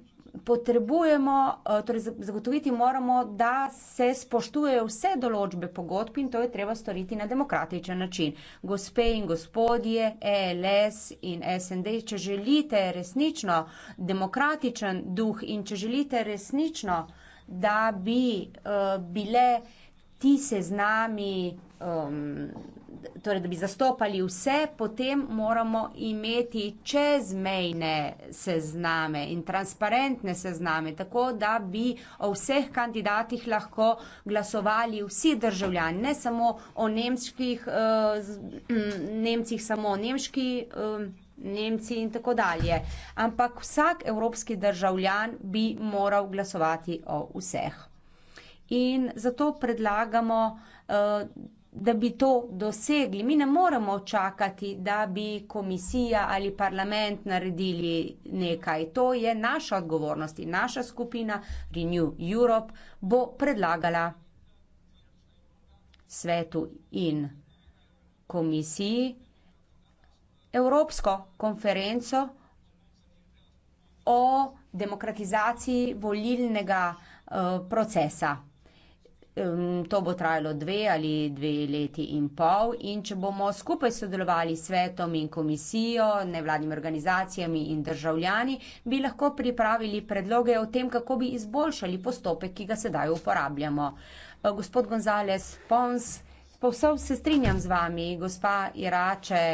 potrebujemo, eh, torej zagotoviti moramo, da se spoštujejo vse določbe pogodb in to je treba storiti na demokratičen način. Gospe in gospodje, ELS in SND, če želite resnično demokratičen duh in če želite resnično, da bi uh, bile ti seznami um, torej, da bi zastopali vse, potem moramo imeti čezmejne sezname in transparentne sezname, tako da bi o vseh kandidatih lahko glasovali vsi državljani, ne samo o nemških, eh, nemcih, samo o nemški. Eh, Nemci in tako dalje. Ampak vsak evropski državljan bi moral glasovati o vseh. In zato predlagamo. Uh, da bi to dosegli. Mi ne moremo čakati, da bi komisija ali parlament naredili nekaj. To je naša odgovornost in naša skupina Renew Europe bo predlagala svetu in komisiji Evropsko konferenco o demokratizaciji volilnega uh, procesa. To bo trajalo dve ali dve leti in pol in če bomo skupaj sodelovali s svetom in komisijo, nevladnimi organizacijami in državljani, bi lahko pripravili predloge o tem, kako bi izboljšali postopek, ki ga sedaj uporabljamo. E, gospod Gonzales Pons, povsod se strinjam z vami, gospa Irače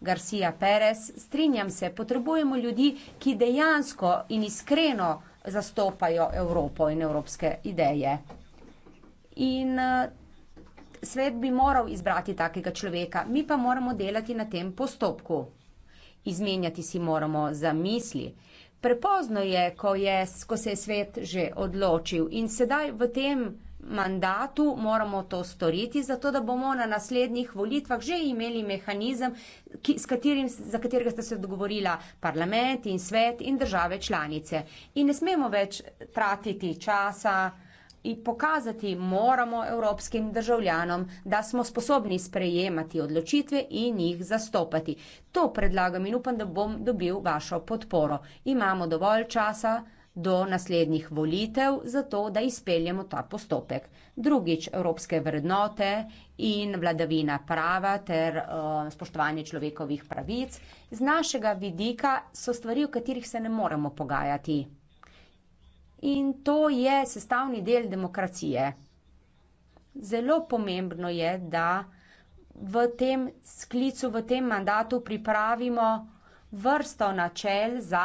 Garcia Perez, strinjam se, potrebujemo ljudi, ki dejansko in iskreno zastopajo Evropo in evropske ideje in uh, svet bi moral izbrati takega človeka. Mi pa moramo delati na tem postopku. Izmenjati si moramo za misli. Prepozno je, ko, je, ko se je svet že odločil in sedaj v tem mandatu moramo to storiti, zato da bomo na naslednjih volitvah že imeli mehanizem, ki, s katerim, za katerega sta se dogovorila parlament in svet in države članice. In ne smemo več tratiti časa, pokazati moramo evropskim državljanom, da smo sposobni sprejemati odločitve in jih zastopati. To predlagam in upam, da bom dobil vašo podporo. Imamo dovolj časa do naslednjih volitev, zato da izpeljemo ta postopek. Drugič, evropske vrednote in vladavina prava ter uh, spoštovanje človekovih pravic. Z našega vidika so stvari, o katerih se ne moremo pogajati. In to je sestavni del demokracije. Zelo pomembno je, da v tem sklicu, v tem mandatu pripravimo vrsto načel za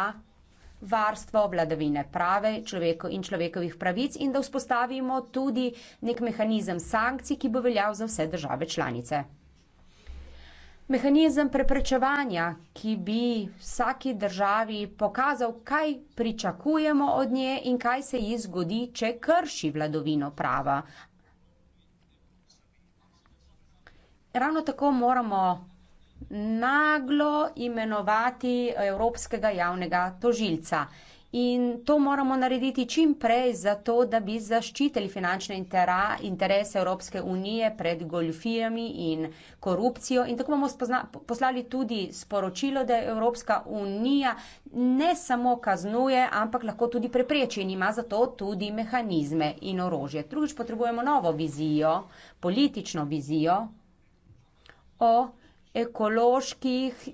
varstvo vladavine prave človeku in človekovih pravic in da vzpostavimo tudi nek mehanizem sankcij, ki bo veljal za vse države članice mehanizem preprečevanja, ki bi vsaki državi pokazal, kaj pričakujemo od nje in kaj se ji zgodi, če krši vladovino prava. Ravno tako moramo naglo imenovati Evropskega javnega tožilca. In to moramo narediti čim prej, zato da bi zaščitili finančne interese Evropske unije pred goljufijami in korupcijo. In tako bomo spozna, poslali tudi sporočilo, da Evropska unija ne samo kaznuje, ampak lahko tudi prepreči in ima zato tudi mehanizme in orožje. Drugič potrebujemo novo vizijo, politično vizijo o ekoloških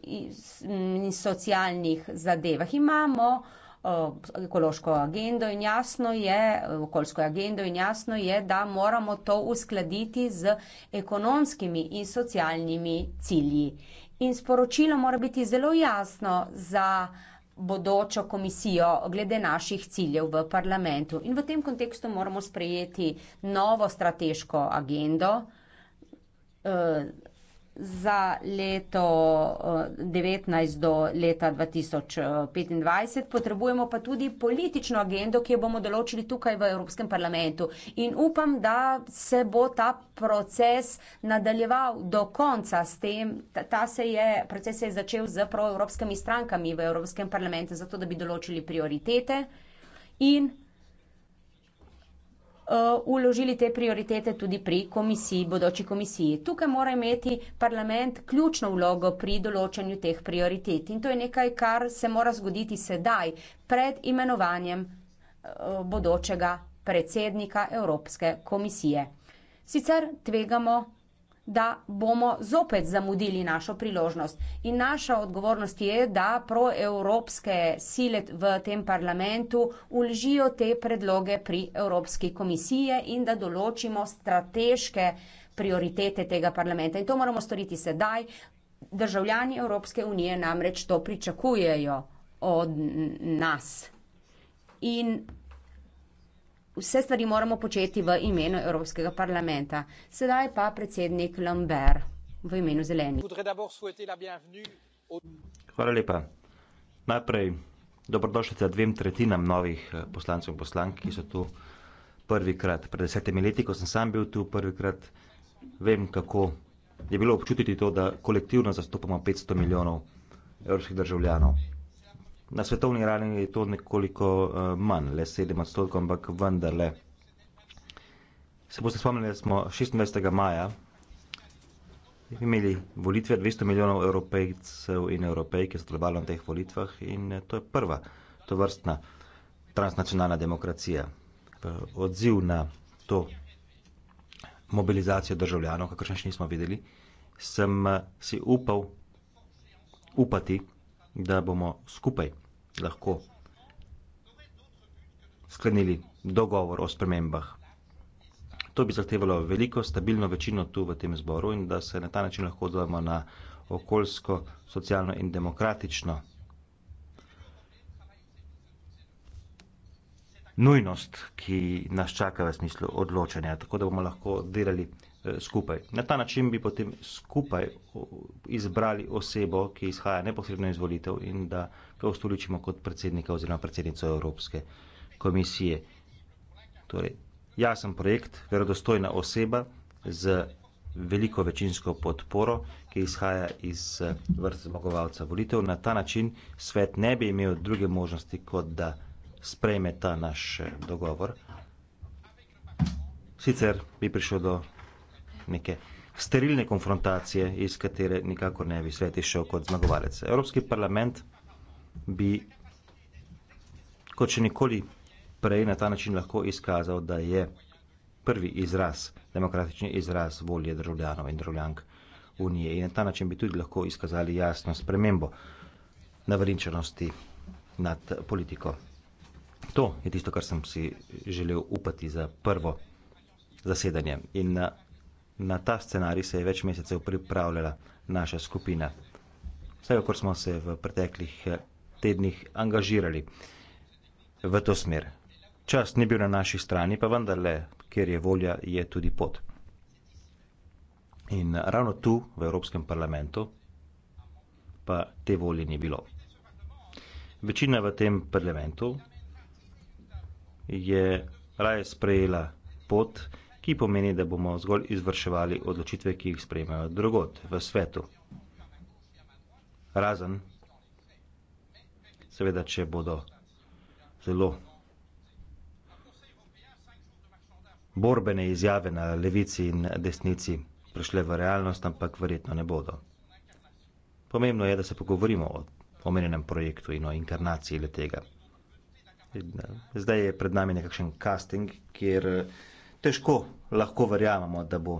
in socialnih zadevah. Imamo Eh, ekološko agendo in jasno je, eh, okoljsko agendo in jasno je, da moramo to uskladiti z ekonomskimi in socialnimi cilji. In sporočilo mora biti zelo jasno za bodočo komisijo glede naših ciljev v parlamentu. In v tem kontekstu moramo sprejeti novo strateško agendo, eh, za leto 2019 eh, do leta 2025. Potrebujemo pa tudi politično agendo, ki jo bomo določili tukaj v Evropskem parlamentu. In upam, da se bo ta proces nadaljeval do konca s tem. Ta se je, proces se je začel z proevropskimi strankami v Evropskem parlamentu, zato da bi določili prioritete. In Uh, uložili te prioritete tudi pri komisiji, bodoči komisiji. Tukaj mora imeti parlament ključno vlogo pri določanju teh prioritet in to je nekaj, kar se mora zgoditi sedaj pred imenovanjem uh, bodočega predsednika Evropske komisije. Sicer tvegamo da bomo zopet zamudili našo priložnost. In naša odgovornost je, da proevropske sile v tem parlamentu uležijo te predloge pri Evropski komisiji in da določimo strateške prioritete tega parlamenta. In to moramo storiti sedaj. Državljani Evropske unije namreč to pričakujejo od nas. In vse stvari moramo početi v imenu Evropskega parlamenta. Sedaj pa predsednik Lambert v imenu zelenih. Hvala lepa. Najprej dobrodošlica dvem tretjinam novih eh, poslancev in poslank, ki so tu prvikrat. Pred desetimi leti, ko sem sam bil tu prvikrat, vem, kako je bilo občutiti to, da kolektivno zastopamo 500 milijonov evropskih državljanov. Na svetovni ravni je to nekoliko eh, manj, le 7 odstotkov, ampak vendarle. Se boste spomnili, da smo 26. maja imeli volitve 200 milijonov evropejcev in evropej, ki so delovali na teh volitvah in eh, to je prva to vrstna transnacionalna demokracija. Eh, odziv na to mobilizacijo državljanov, kakor še nismo videli, sem si upal upati, da bomo skupaj lahko sklenili dogovor o spremembah. To bi zahtevalo veliko stabilno večino tu v tem zboru in da se na ta način lahko odzovemo na okoljsko, socialno in demokratično nujnost, ki nas čaka v smislu odločanja, tako da bomo lahko delali eh, skupaj. Na ta način bi potem skupaj izbrali osebo, ki izhaja neposredno iz volitev in da ga ustoličimo kot predsednika oziroma predsednico Evropske komisije. Torej, jasen projekt, verodostojna oseba z veliko večinsko podporo, ki izhaja iz eh, vrst zmagovalca volitev. Na ta način svet ne bi imel druge možnosti, kot da sprejme ta naš eh, dogovor. Sicer bi prišlo do neke sterilne konfrontacije, iz katere nikako ne bi svet išel kot zmagovalec. Evropski parlament bi kot še nikoli prej na ta način lahko izkazal, da je prvi izraz, demokratični izraz volje državljanov in državljank Unije. In na ta način bi tudi lahko izkazali jasno spremembo navrinčenosti nad politiko. To je tisto, kar sem si želel upati za prvo zasedanje. In na, eh, na ta scenarij se je več mesecev pripravljala naša skupina. Vse, kar smo se v preteklih eh, tednih angažirali v to smer. Čas ni bil na naši strani, pa vendarle, kjer je volja, je tudi pot. In eh, ravno tu, v Evropskem parlamentu, pa te volje ni bilo. Večina v tem parlamentu je raje sprejela pot, ki pomeni, da bomo zgolj izvrševali odločitve, ki jih sprejemajo drugot v svetu. Razen, seveda, če bodo zelo borbene izjave na levici in desnici prišle v realnost, ampak verjetno ne bodo. Pomembno je, da se pogovorimo o omenjenem projektu in o inkarnaciji letega. Eh, zdaj je pred nami nekakšen casting, kjer eh, težko lahko verjamemo, da bo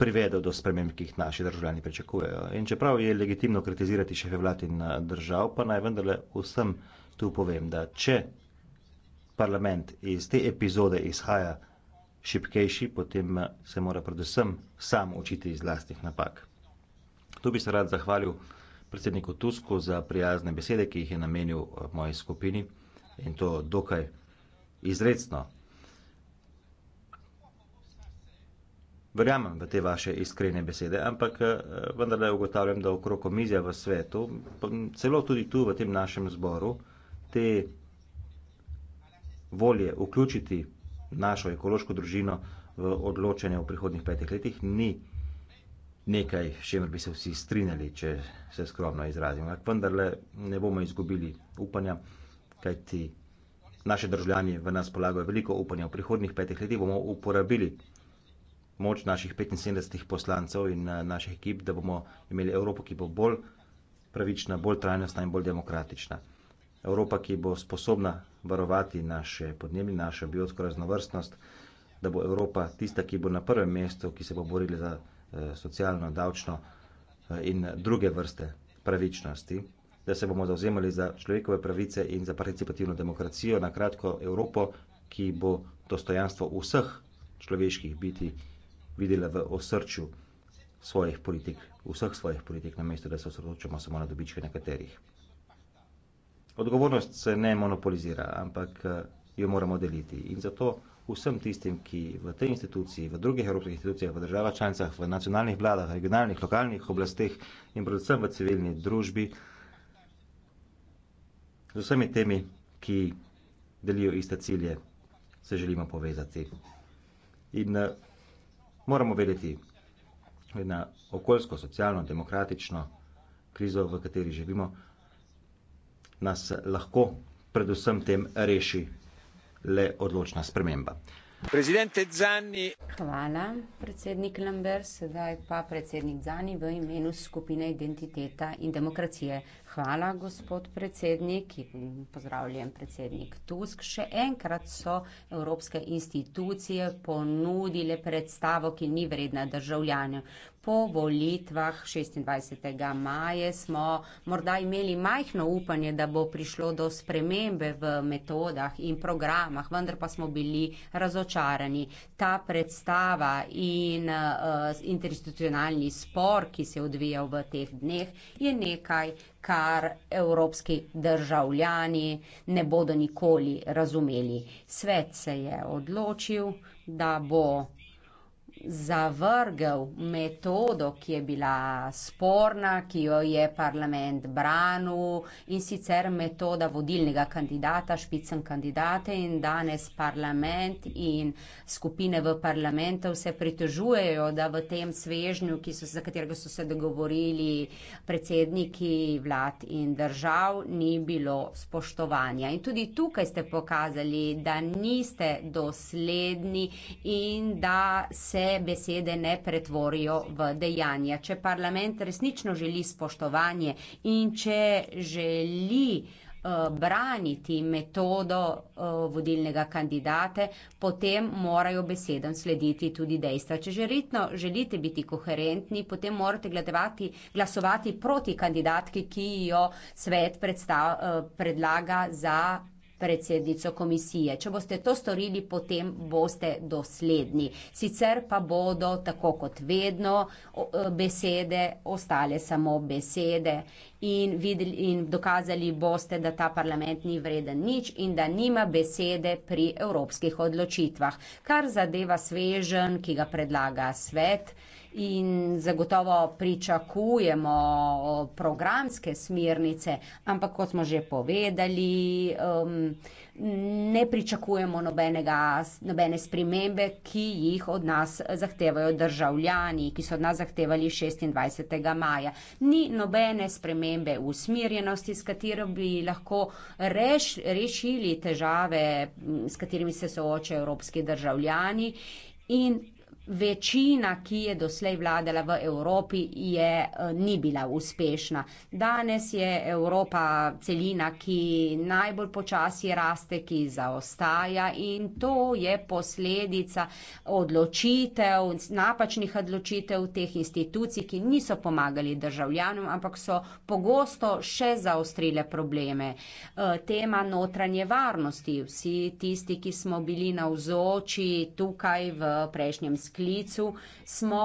privedel do sprememb, ki jih naši državljani pričakujejo. In čeprav je legitimno kritizirati še vlad in eh, držav, pa naj vendarle vsem tu povem, da če parlament iz te epizode izhaja šipkejši, potem se mora predvsem sam učiti iz vlastnih napak. Tu bi se rad zahvalil predsedniku Tusku za prijazne besede, ki jih je namenil moji skupini in to dokaj izredno. Verjamem v te vaše iskrene besede, ampak eh, vendar da ugotavljam, da okrog omizja v svetu, celo tudi tu v tem našem zboru, te volje vključiti našo ekološko družino v odločanje v prihodnih petih letih ni nekaj, s čemer bi se vsi strinjali, če se skromno izrazim. Ampak vendar ne bomo izgubili upanja kajti naše državljani v nas polagajo veliko upanja. V prihodnih petih letih bomo uporabili moč naših 75 poslancev in eh, naših ekip, da bomo imeli Evropo, ki bo bolj pravična, bolj trajnostna in bolj demokratična. Evropa, ki bo sposobna varovati naše podnebje, našo biotsko raznovrstnost, da bo Evropa tista, ki bo na prvem mestu, ki se bo borila za eh, socialno, davčno eh, in druge vrste pravičnosti da se bomo zauzemali za človekove pravice in za participativno demokracijo, na kratko Evropo, ki bo dostojanstvo vseh človeških biti videla v osrču svojih politik, vseh svojih politik, namesto da se osredotočamo samo na dobičke nekaterih. Odgovornost se ne monopolizira, ampak jo moramo deliti. In zato vsem tistim, ki v tej instituciji, v drugih evropskih institucijah, v državah članicah, v nacionalnih vladah, regionalnih, lokalnih oblasteh in predvsem v civilni družbi, Z vsemi temi, ki delijo iste cilje, se želimo povezati. In eh, moramo vedeti, na okoljsko, socialno, demokratično krizo, v kateri živimo, nas lahko predvsem tem reši le odločna sprememba. Prezidente Zani. Hvala, predsednik Lambert. Sedaj pa predsednik Zani v imenu skupine Identiteta in demokracije. Hvala, gospod predsednik. Pozdravljen predsednik Tusk. Še enkrat so evropske institucije ponudile predstavo, ki ni vredna državljanjem. Po volitvah 26. maja smo morda imeli majhno upanje, da bo prišlo do spremembe v metodah in programah, vendar pa smo bili razočarani. Ta predstava in uh, interinstitucionalni spor, ki se je odvijal v teh dneh, je nekaj, kar kar evropski državljani ne bodo nikoli razumeli. Svet se je odločil, da bo zavrgel metodo, ki je bila sporna, ki jo je parlament branil in sicer metoda vodilnega kandidata, špicen kandidate in danes parlament in skupine v parlamentu se pritožujejo, da v tem svežnju, so, za katerega so se dogovorili predsedniki vlad in držav, ni bilo spoštovanja. In tudi tukaj ste pokazali, da niste dosledni in da se besede ne pretvorijo v dejanja. Če parlament resnično želi spoštovanje in če želi eh, braniti metodo eh, vodilnega kandidate, potem morajo besedam slediti tudi dejstva. Če želitno, želite biti koherentni, potem morate glasovati proti kandidatki, ki jo svet eh, predlaga za predsednico komisije. Če boste to storili, potem boste dosledni. Sicer pa bodo, tako kot vedno, e, besede ostale samo besede in, videli, in dokazali boste, da ta parlament ni vreden nič in da nima besede pri evropskih odločitvah. Kar zadeva svežen, ki ga predlaga svet, in zagotovo pričakujemo programske smernice, ampak kot smo že povedali, um, ne pričakujemo nobenega, nobene spremembe, ki jih od nas zahtevajo državljani, ki so od nas zahtevali 26. maja. Ni nobene spremembe usmirjenosti, s katero bi lahko reš, rešili težave, s katerimi se soočajo evropski državljani. In Večina, ki je doslej vladala v Evropi, je, eh, ni bila uspešna. Danes je Evropa celina, ki najbolj počasi raste, ki zaostaja in to je posledica odločitev, napačnih odločitev teh institucij, ki niso pomagali državljanom, ampak so pogosto še zaostrile probleme. Eh, tema notranje varnosti, vsi tisti, ki smo bili navzoči tukaj v prejšnjem skrbi, sklicu, smo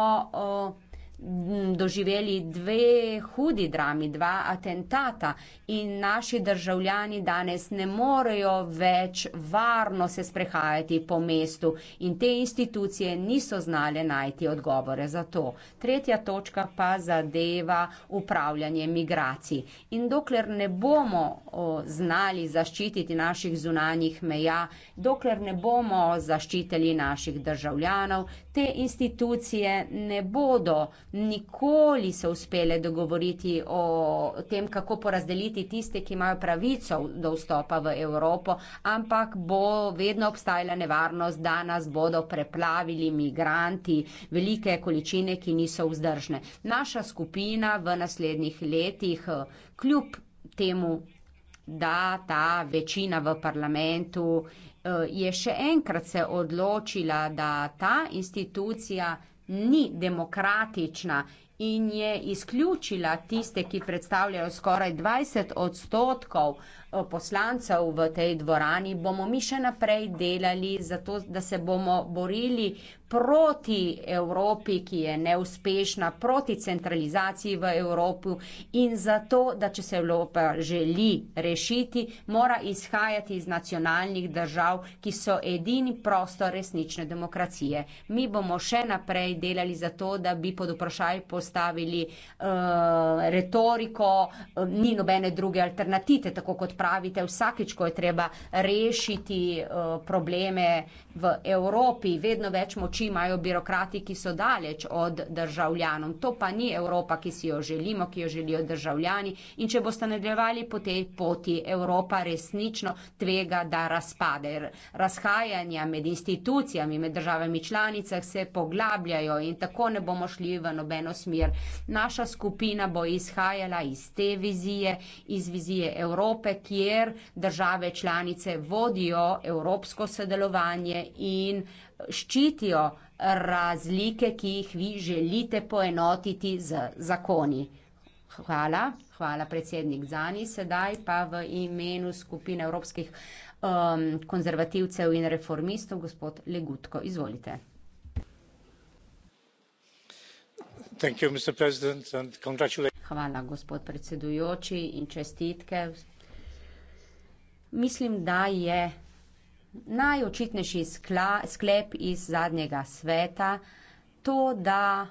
doživeli dve hudi drami, dva atentata in naši državljani danes ne morejo več varno se sprehajati po mestu in te institucije niso znale najti odgovore za to. Tretja točka pa zadeva upravljanje migracij in dokler ne bomo znali zaščititi naših zunanjih meja, dokler ne bomo zaščitili naših državljanov, te institucije ne bodo nikoli se uspele dogovoriti o tem, kako porazdeliti tiste, ki imajo pravico do vstopa v Evropo, ampak bo vedno obstajala nevarnost, da nas bodo preplavili migranti, velike količine, ki niso vzdržne. Naša skupina v naslednjih letih, kljub temu, da ta večina v parlamentu eh, je še enkrat se odločila, da ta institucija ni demokratična in je izključila tiste, ki predstavljajo skoraj 20 odstotkov poslancev v tej dvorani, bomo mi še naprej delali za to, da se bomo borili proti Evropi, ki je neuspešna, proti centralizaciji v Evropi in za to, da če se Evropa želi rešiti, mora izhajati iz nacionalnih držav, ki so edini prostor resnične demokracije. Mi bomo še naprej delali za to, da bi pod vprašaj postavili uh, retoriko, uh, ni nobene druge alternative, tako kot pravite, vsakič, ko je treba rešiti eh, probleme v Evropi, vedno več moči imajo birokrati, ki so daleč od državljanom. To pa ni Evropa, ki si jo želimo, ki jo želijo državljani. In če boste nadaljevali po tej poti, Evropa resnično tvega, da razpade. Razhajanja med institucijami, med državami članicah se poglabljajo in tako ne bomo šli v nobeno smer. Naša skupina bo izhajala iz te vizije, iz vizije Evrope, kjer države članice vodijo evropsko sodelovanje in ščitijo razlike, ki jih vi želite poenotiti z zakoni. Hvala, hvala predsednik Zani. Sedaj pa v imenu skupine evropskih um, konzervativcev in reformistov, gospod Legutko, izvolite. Hvala, gospod predsedujoči, in čestitke Mislim, da je najočitnejši skla, sklep iz zadnjega sveta to, da,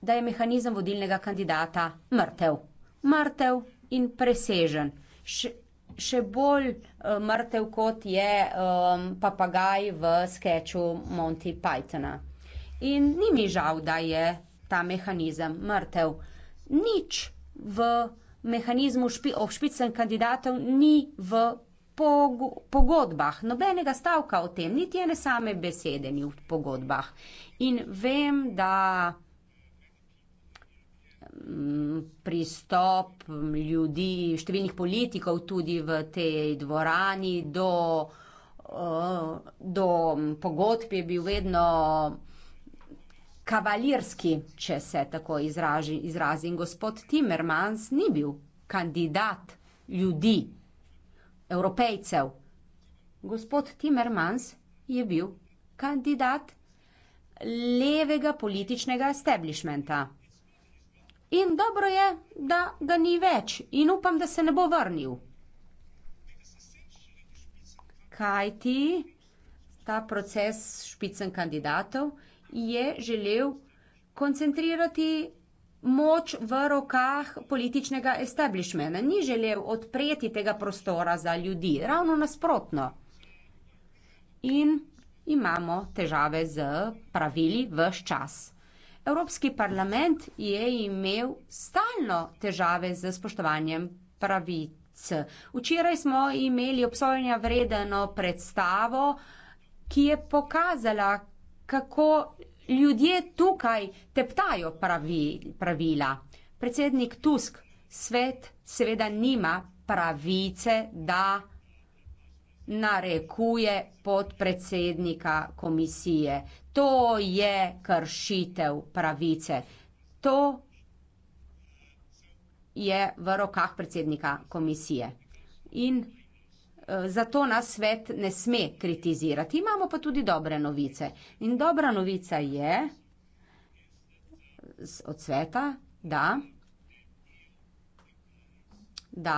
da je mehanizem vodilnega kandidata mrtev. Mrtev in presežen. Še, še bolj uh, mrtev, kot je um, papagaj v skeču Monty Pythona. In ni mi žal, da je ta mehanizem mrtev. Nič v mehanizmu špi, špicen kandidatov ni v pogodbah, nobenega stavka o tem, niti ene same besede ni v pogodbah. In vem, da mm, pristop ljudi, številnih politikov tudi v tej dvorani do, do pogodb je bil vedno kavalirski, če se tako izrazim. Gospod Timmermans ni bil kandidat ljudi evropejcev. Gospod Timmermans je bil kandidat levega političnega establishmenta. In dobro je, da ga ni več in upam, da se ne bo vrnil. Kaj ti ta proces špicen kandidatov je želel koncentrirati moč v rokah političnega establishmenta, ni želel odpreti tega prostora za ljudi, ravno nasprotno. In imamo težave z pravili vse čas. Evropski parlament je imel stalno težave z spoštovanjem pravic. Včeraj smo imeli obsojenja vredeno predstavo, ki je pokazala, kako ljudje tukaj teptajo pravi, pravila. Predsednik Tusk, svet seveda nima pravice, da narekuje podpredsednika komisije. To je kršitev pravice. To je v rokah predsednika komisije. In Eh, zato nas svet ne sme kritizirati. Imamo pa tudi dobre novice. In dobra novica je od sveta, da, da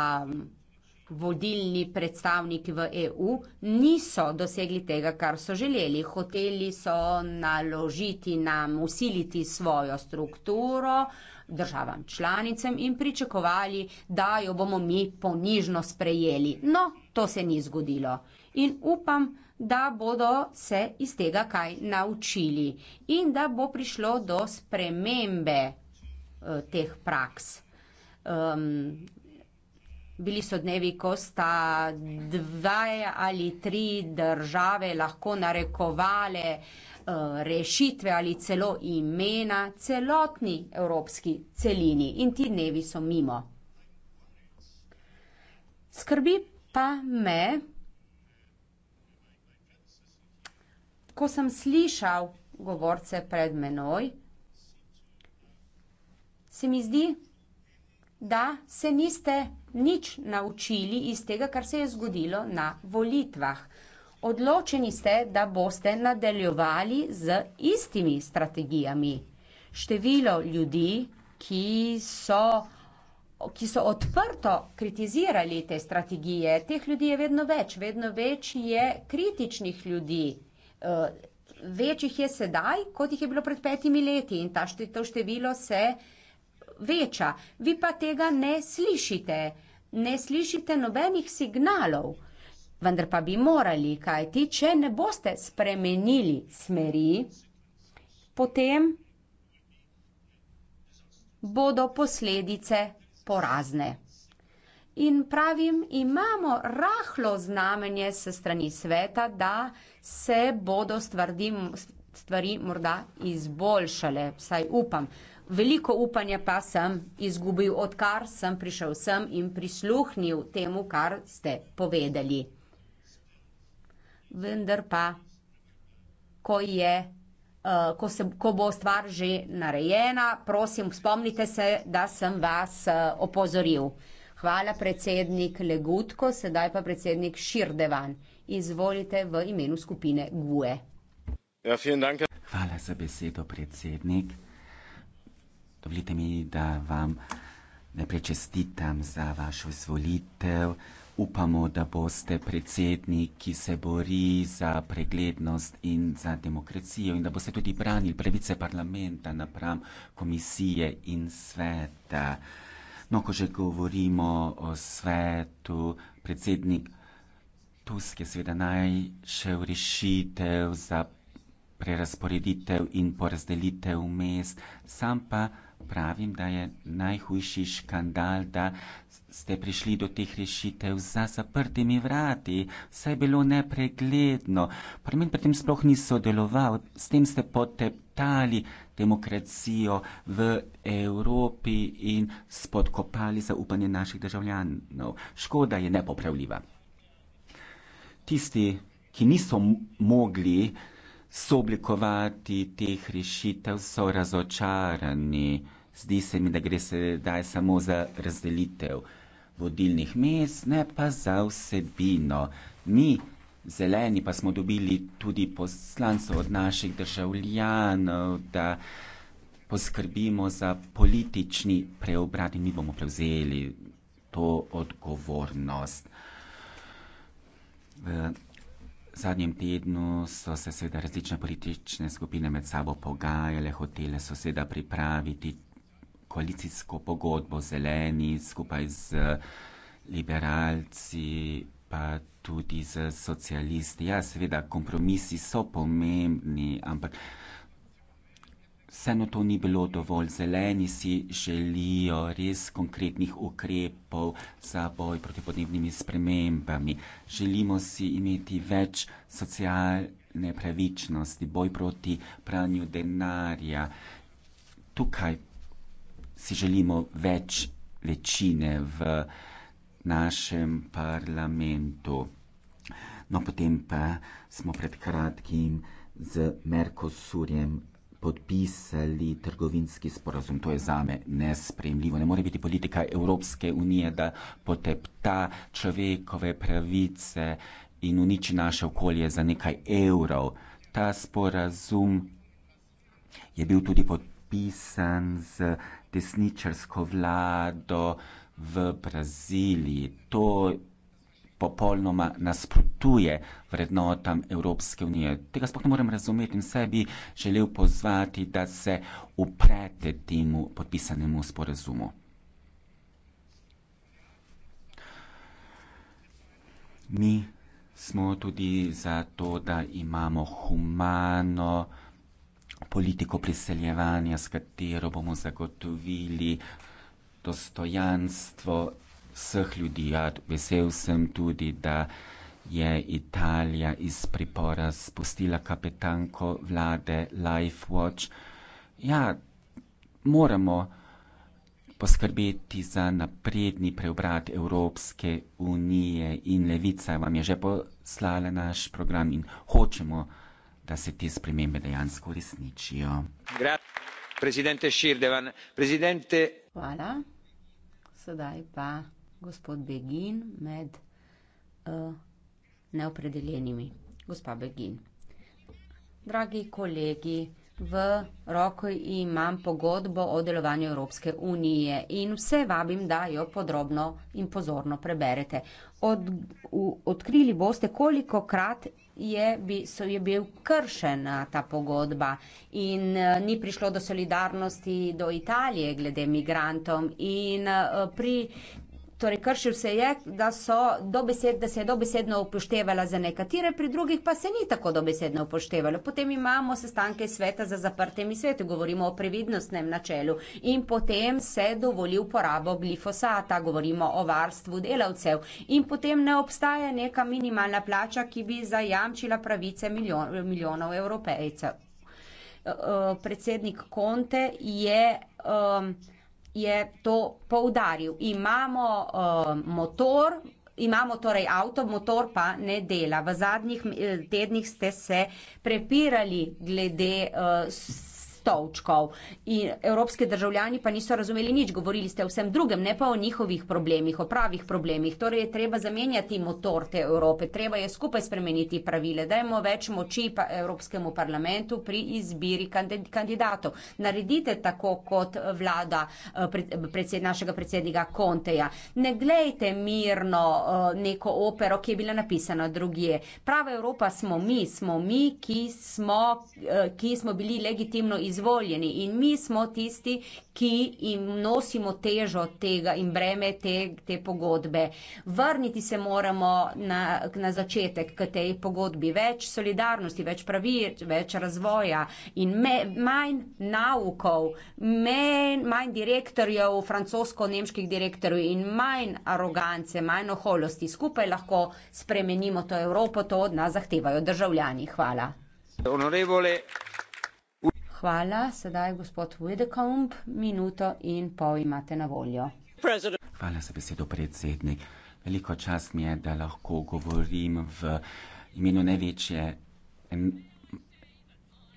vodilni predstavniki v EU niso dosegli tega, kar so želeli. Hoteli so naložiti nam, usiliti svojo strukturo državam članicam in pričakovali, da jo bomo mi ponižno sprejeli. No, to se ni zgodilo. In upam, da bodo se iz tega kaj naučili in da bo prišlo do spremembe eh, teh praks. Um, Bili so dnevi, ko sta dva ali tri države lahko narekovale eh, rešitve ali celo imena celotni evropski celini in ti dnevi so mimo. Skrbi pa me, ko sem slišal govorce pred menoj, se mi zdi, da se niste vsega, nič naučili iz tega, kar se je zgodilo na volitvah. Odločeni ste, da boste nadaljevali z istimi strategijami. Število ljudi, ki so, ki so odprto kritizirali te strategije, teh ljudi je vedno več, vedno več je kritičnih ljudi. Eh, večjih je sedaj, kot jih je bilo pred petimi leti in ta šte, to število se veča, vi pa tega ne slišite, ne slišite nobenih signalov. Vendar pa bi morali, kaj ti, če ne boste spremenili smeri, potem bodo posledice porazne. In pravim, imamo rahlo znamenje se strani sveta, da se bodo stvari, stvari morda izboljšale, vsaj upam veliko upanja pa sem izgubil, odkar sem prišel sem in prisluhnil temu, kar ste povedali. Vendar pa, ko je Uh, ko, se, ko bo stvar že narejena, prosim, spomnite se, da sem vas uh, opozoril. Hvala, predsednik Legutko, sedaj pa predsednik Širdevan. Izvolite v imenu skupine GUE. Ja, Hvala za besedo, predsednik. Uh, Dovolite mi, da vam najprej čestitam za vašo izvolitev. Upamo, da boste predsednik, ki se bori za preglednost in za demokracijo in da boste tudi branili pravice parlamenta napram komisije in sveta. No, ko že govorimo o svetu, predsednik Tusk je seveda najšel rešitev za prerasporeditev in porazdelitev mest, sam pa pravim, da je najhujši škandal, da ste prišli do teh rešitev za zaprtimi vrati, saj je bilo nepregledno. Parlament pri tem sploh ni sodeloval, s tem ste poteptali demokracijo v Evropi in spodkopali zaupanje naših državljanov. Škoda je nepopravljiva. Tisti, ki niso mogli sooblikovati teh rešitev, so razočarani. Zdi se mi, da gre sedaj samo za razdelitev vodilnih mest, ne pa za vsebino. Mi, zeleni, pa smo dobili tudi poslancev od naših državljanov, da poskrbimo za politični preobrat in mi bomo prevzeli to odgovornost. V zadnjem tednu so se seveda različne politične skupine med sabo pogajale, hotele so seveda pripraviti koalicijsko pogodbo zeleni skupaj z eh, liberalci, pa tudi z socialisti. Ja, seveda kompromisi so pomembni, ampak Vseeno to ni bilo dovolj. Zeleni si želijo res konkretnih ukrepov za boj proti podnebnimi spremembami. Želimo si imeti več socialne pravičnosti, boj proti pranju denarja. Tukaj si želimo več večine v našem parlamentu. No, potem pa smo pred kratkim z Merkosurjem podpisali trgovinski sporazum. To je zame nesprejemljivo. Ne more biti politika Evropske unije, da potepta človekove pravice in uniči naše okolje za nekaj evrov. Ta sporazum je bil tudi podpisan z desničarsko vlado v Braziliji. To popolnoma nasprotuje vrednotam Evropske unije. Tega sploh ne morem razumeti in sebi želel pozvati, da se uprete temu podpisanemu sporazumu. Mi smo tudi za to, da imamo humano politiko priseljevanja, s katero bomo zagotovili dostojanstvo vseh ljudi. Ja, vesel sem tudi, da je Italija iz pripora spustila kapetanko vlade Life Watch. Ja, moramo poskrbeti za napredni preobrat Evropske unije in levica vam je že poslala naš program in hočemo, da se te spremembe dejansko uresničijo. Hvala. Sedaj pa gospod Begin med uh, neopredeljenimi. Gospa Begin. Dragi kolegi, v roko imam pogodbo o delovanju Evropske unije in vse vabim, da jo podrobno in pozorno preberete. Od, v, odkrili boste, koliko krat je, bi, so, je bil kršena ta pogodba in uh, ni prišlo do solidarnosti do Italije glede migrantom in uh, pri torej kršil se je, da, dobesed, da se je dobesedno upoštevala za nekatere, pri drugih pa se ni tako dobesedno upoštevalo. Potem imamo sestanke sveta za zaprtimi svetu, govorimo o previdnostnem načelu in potem se dovoli uporabo glifosata, govorimo o varstvu delavcev in potem ne obstaja neka minimalna plača, ki bi zajamčila pravice milijon, milijonov evropejcev. Eh, eh, predsednik Konte je. Um, je to poudaril. Imamo uh, motor, imamo torej avto, motor pa ne dela. V zadnjih eh, tednih ste se prepirali glede uh, stolčkov. In evropske državljani pa niso razumeli nič, govorili ste o vsem drugem, ne pa o njihovih problemih, o pravih problemih. Torej je treba zamenjati motor te Evrope, treba je skupaj spremeniti pravile, dajmo več moči pa Evropskemu parlamentu pri izbiri kandidatov. Naredite tako kot vlada eh, predsed, našega predsednika Konteja. Ne glejte mirno eh, neko opero, ki je bila napisana drugje. Prava Evropa smo mi, smo mi, ki smo, eh, ki smo bili legitimno izbrani izvoljeni in mi smo tisti, ki jim nosimo težo tega in breme te, te pogodbe. Vrniti se moramo na, na začetek k tej pogodbi. Več solidarnosti, več pravic, več razvoja in me, manj naukov, manj, manj direktorjev, francosko-nemških direktorjev in manj arogance, manj oholosti. Skupaj lahko spremenimo to Evropo, to od nas zahtevajo državljani. Hvala. Onorevole. Hvala. Sedaj gospod Widekomp, minuto in pol imate na voljo. Hvala za besedo, predsednik. Veliko čast mi je, da lahko govorim v imenu največje en,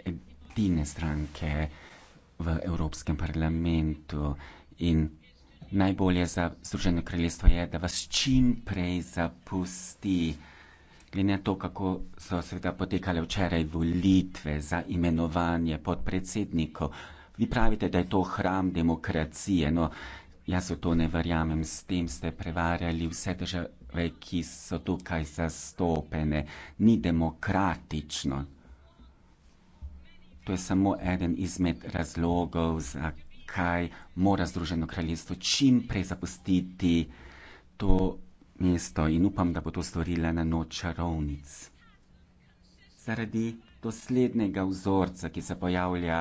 edine stranke v Evropskem parlamentu in najbolje za Združeno kraljestvo je, da vas čim prej zapusti glede to, kako so seveda potekale včeraj volitve za imenovanje podpredsednikov. Vi pravite, da je to hram demokracije, no jaz v to ne verjamem, s tem ste prevarjali vse države, ki so tukaj zastopene. Ni demokratično. To je samo eden izmed razlogov, zakaj mora Združeno kraljestvo čim prej zapustiti to mesto in upam, da bo to storila na noč čarovnic. Zaradi doslednega vzorca, ki se pojavlja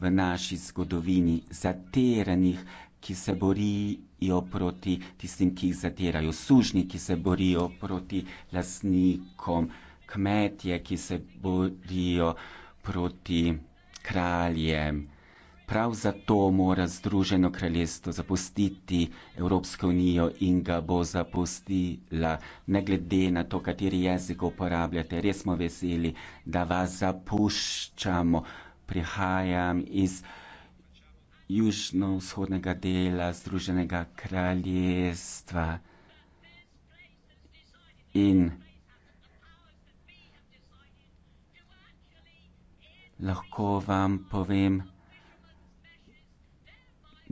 v naši zgodovini zateranih, ki se borijo proti tistim, ki jih zatirajo, sužni, ki se borijo proti lasnikom, kmetje, ki se borijo proti kraljem. Prav zato mora Združeno kraljestvo zapustiti Evropsko unijo in ga bo zapustila, ne glede na to, kateri jezik uporabljate. Res smo veseli, da vas zapuščamo. Prihajam iz južno-vzhodnega dela Združenega kraljestva in lahko vam povem,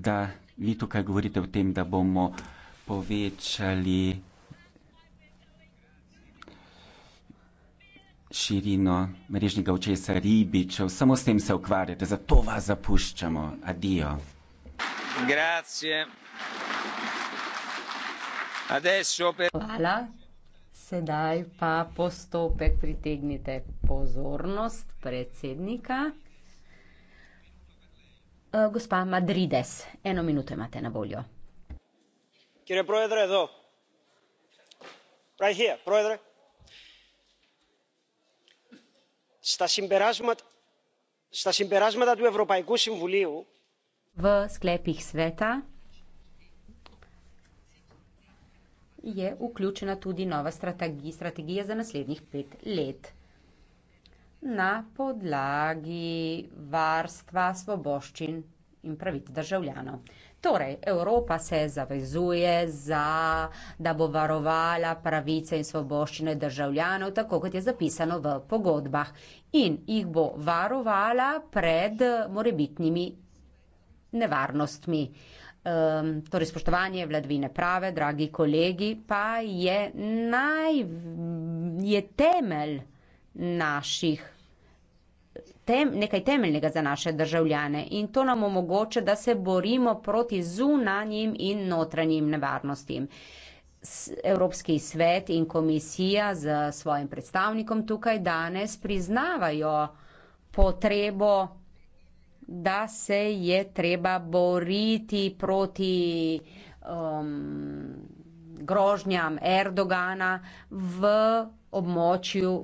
da vi tukaj govorite o tem, da bomo povečali širino mrežnega očesa ribičev. Samo s tem se ukvarjate, zato vas zapuščamo. Adijo. Hvala. Sedaj pa postopek pritegnite pozornost predsednika. Eh, gospa madrides eno minuto imate na voljo. v sklepih sveta je vključena tudi nova strategija za naslednjih pet let na podlagi varstva svoboščin in pravic državljanov. Torej, Evropa se zavezuje, za, da bo varovala pravice in svoboščine državljanov, tako kot je zapisano v pogodbah, in jih bo varovala pred morebitnimi nevarnostmi. Um, torej, spoštovanje vladvine prave, dragi kolegi, pa je, naj, je temelj naših tem, nekaj temeljnega za naše državljane in to nam omogoča, da se borimo proti zunanjim in notranjim nevarnostim. Evropski svet in komisija z svojim predstavnikom tukaj danes priznavajo potrebo, da se je treba boriti proti um, grožnjam Erdogana v območju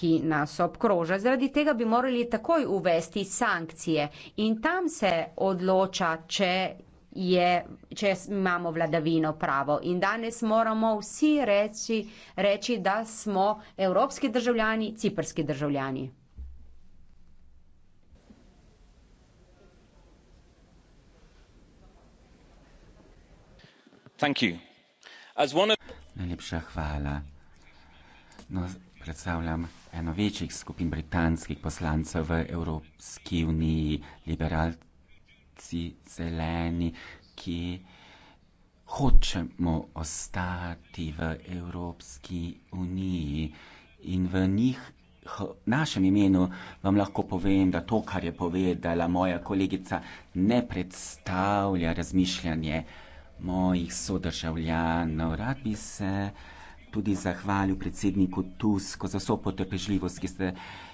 ki nas obkroža. Zaradi tega bi morali takoj uvesti sankcije in tam se odloča, če. Je, če imamo vladavino pravo in danes moramo vsi reči, reči, da smo evropski državljani, ciprski državljani. Najlepša hvala. No, predstavljam eno večjih skupin britanskih poslancev v Evropski uniji, liberalci, zeleni, ki hočemo ostati v Evropski uniji in v njih. V našem imenu vam lahko povem, da to, kar je povedala moja kolegica, ne predstavlja razmišljanje mojih sodržavljanov. Rad bi se uh, tudi zahvalil predsedniku Tusku za vso potrpežljivost, ki ste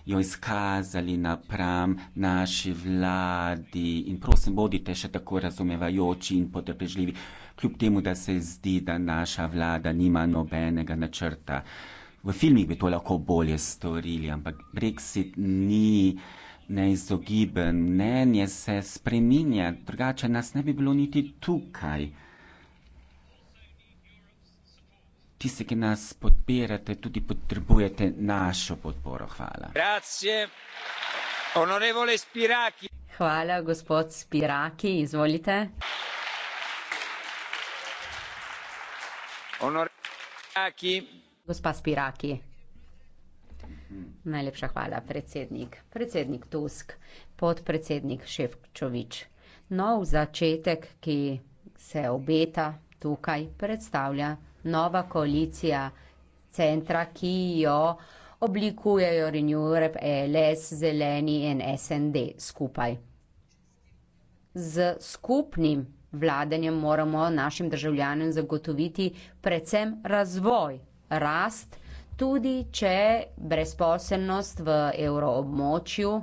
jo izkazali napram naši vladi in prosim, bodite še tako razumevajoči in potrpežljivi, kljub temu, da se zdi, da naša vlada nima nobenega načrta. V filmih bi to lahko bolje storili, ampak Brexit ni neizogiben, mnenje se spreminja, drugače nas ne bi bilo niti tukaj. tisti, ki nas podpirate, tudi potrebujete našo podporo. Hvala. Hvala, gospod Spiraki, izvolite. Gospa Spiraki. Najlepša hvala, predsednik. Predsednik Tusk, podpredsednik Ševčovič. Nov začetek, ki se obeta tukaj, predstavlja nova koalicija centra, ki jo oblikujejo Renew Europe, e LS, Zeleni in SND skupaj. Z skupnim vladanjem moramo našim državljanom zagotoviti predvsem razvoj, rast, tudi če brezposelnost v evroobmočju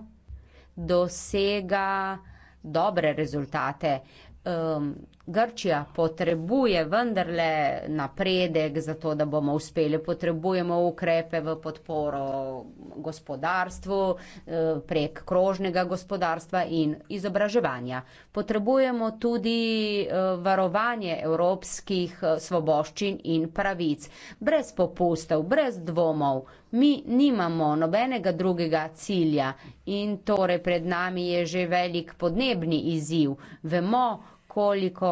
dosega dobre rezultate. Um, Grčija potrebuje vendarle napredek za to, da bomo uspeli. Potrebujemo ukrepe v podporo gospodarstvu eh, prek krožnega gospodarstva in izobraževanja. Potrebujemo tudi eh, varovanje evropskih eh, svoboščin in pravic. Brez popustov, brez dvomov. Mi nimamo nobenega drugega cilja in torej pred nami je že velik podnebni izziv. Vemo, koliko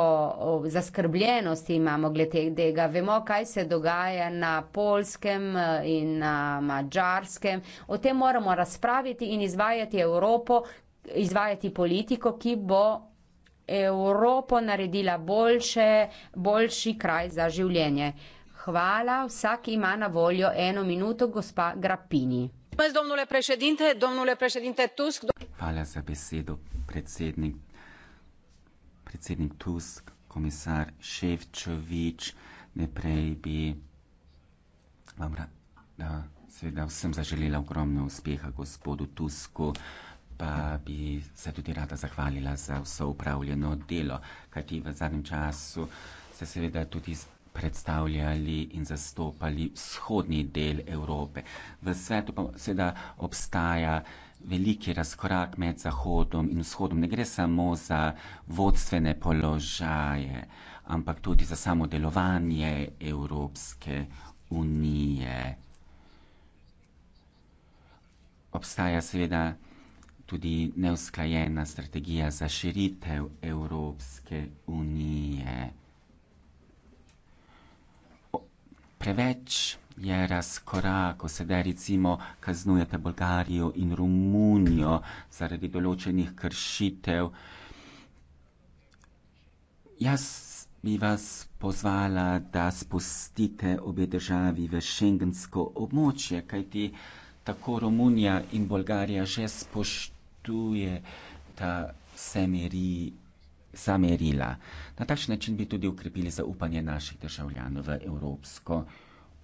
zaskrbljenosti imamo glede tega. Vemo, kaj se dogaja na polskem e, in na mačarskem. O tem moramo razpraviti in izvajati Evropo, izvajati politiko, ki bo Evropo naredila boljše, boljši kraj za življenje. Hvala, vsak ima na voljo eno minuto, gospa Grappini. Hvala za besedo, predsednik predsednik Tusk, komisar Ševčovič, najprej bi vam rada, seveda vsem zaželela ogromno uspeha gospodu Tusku, pa bi se tudi rada zahvalila za vso upravljeno delo, kajti v zadnjem času se seveda tudi predstavljali in zastopali vzhodni del Evrope. V svetu pa seveda obstaja veliki razkorak med Zahodom in Vzhodom. Ne gre samo za vodstvene položaje, ampak tudi za samo delovanje Evropske unije. Obstaja seveda tudi neusklajena strategija za širitev Evropske unije. preveč je razkorak, sedaj recimo kaznujete Bolgarijo in Romunijo zaradi določenih kršitev. Jaz bi vas pozvala, da spustite obe državi v šengensko območje, kajti tako Romunija in Bolgarija že spoštuje ta semeri sa merila. Na takšen način bi tudi ukrepili zaupanje naših državljanov v Evropsko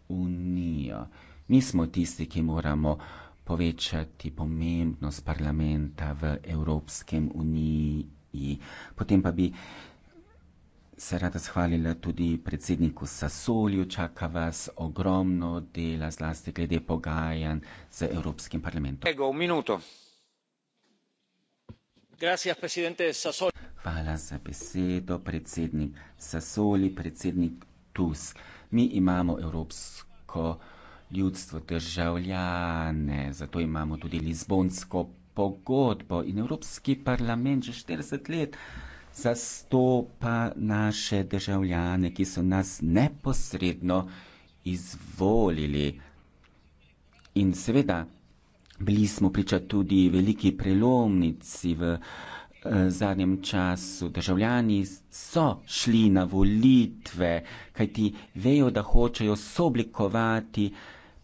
unijo. Mi smo tisti, ki moramo povečati pomembnost parlamenta v Evropskem uniji. Potem pa bi se rada zahvalila tudi predsedniku Sasolju, čaka vas ogromno dela, zlasti glede pogajanj z Evropskim parlamentom. Ego, minuto. Hvala za besedo, predsednik Sassoli, predsednik Tusk. Mi imamo evropsko ljudstvo, državljane, zato imamo tudi Lizbonsko pogodbo in Evropski parlament že štirideset let zastopa naše državljane, ki so nas neposredno izvolili. In seveda Bili smo priča tudi veliki prelomnici v eh, zadnjem času. Državljani so šli na volitve, kajti vejo, da hočejo sooblikovati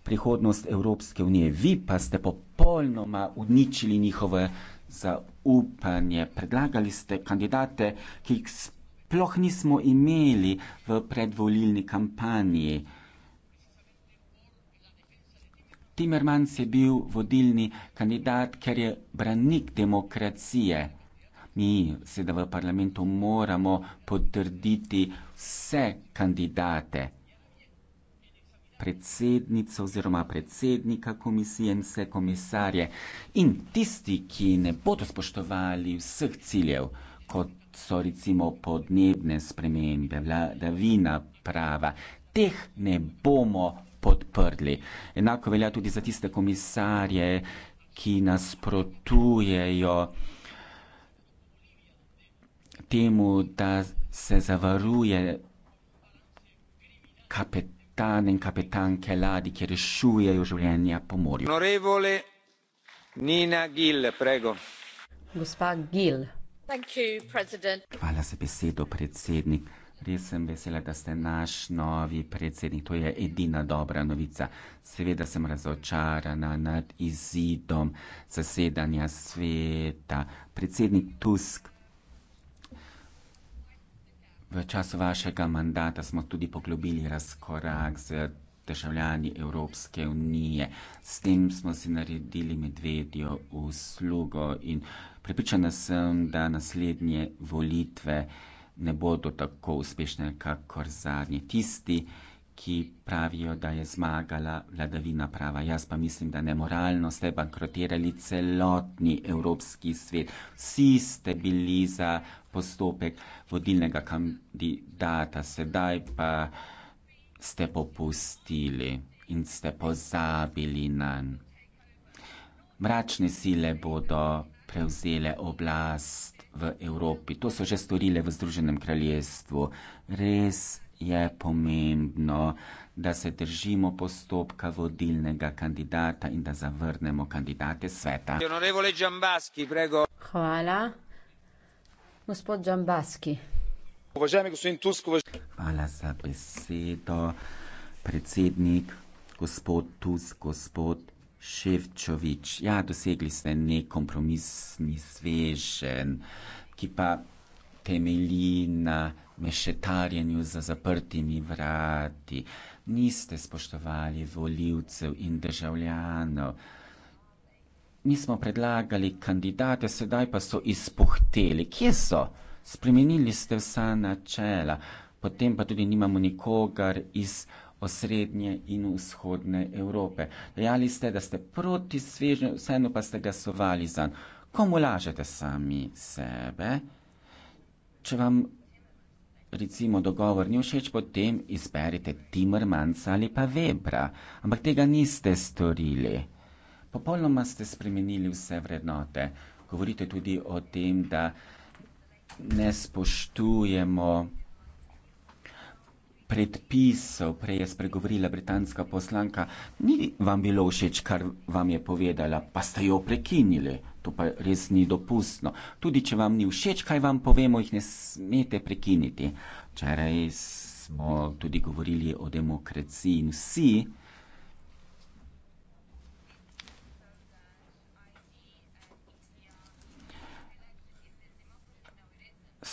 prihodnost Evropske unije. Vi pa ste popolnoma uničili njihove zaupanje. Predlagali ste kandidate, ki jih sploh nismo imeli v predvolilni kampanji. Timmermans je bil vodilni kandidat, ker je branik demokracije. Mi sedaj v parlamentu moramo potrditi vse kandidate, predsednico oziroma predsednika komisije in vse komisarje. In tisti, ki ne bodo spoštovali vseh ciljev, kot so recimo podnebne spremembe, vladavina prava, teh ne bomo podprli. Enako velja tudi za tiste komisarje, ki nasprotujejo temu, da se zavaruje kapetane in kapetanke ladi, ki rešujejo življenja po morju. Nina Gil, prego. Gospa Gil. Thank you, Hvala za besedo, predsednik. Res sem vesela, da ste naš novi predsednik. To je edina dobra novica. Seveda sem razočarana nad izidom zasedanja sveta. Predsednik Tusk, v času vašega mandata smo tudi poglobili razkorak z državljani Evropske unije. S tem smo si naredili medvedjo uslugo in pripričana sem, da naslednje volitve ne bodo tako uspešne, kakor zadnji tisti, ki pravijo, da je zmagala vladavina prava. Jaz pa mislim, da nemoralno ste bankrotirali celotni evropski svet. Vsi ste bili za postopek vodilnega kandidata, sedaj pa ste popustili in ste pozabili na mračne sile bodo prevzele oblast v Evropi. To so že storile v Združenem kraljestvu. Res je pomembno, da se držimo postopka vodilnega kandidata in da zavrnemo kandidate sveta. Hvala. Gospod Džambaski. Hvala za besedo, predsednik, gospod Tusk, gospod Ševčovič, ja, dosegli ste nek kompromisni svežen, ki pa temelji na mešetarjenju za zaprtimi vrati. Niste spoštovali voljivcev in državljanov. Mi smo predlagali kandidate, sedaj pa so izpuhteli. Kje so? Spremenili ste vsa načela, potem pa tudi nimamo nikogar iz osrednje in vzhodne Evrope. Dejali ste, da ste proti svežnju, vseeno pa ste glasovali za. Komu lažete sami sebe? Če vam recimo dogovor ni všeč, potem izberite Timrmanca ali pa Vebra. Ampak tega niste storili. Popolnoma ste spremenili vse vrednote. Govorite tudi o tem, da ne spoštujemo predpisov, prej je spregovorila britanska poslanka, ni vam bilo všeč, kar vam je povedala, pa ste jo prekinili. To pa res ni dopustno. Tudi če vam ni všeč, kaj vam povemo, jih ne smete prekiniti. Včeraj smo tudi govorili o demokraciji in vsi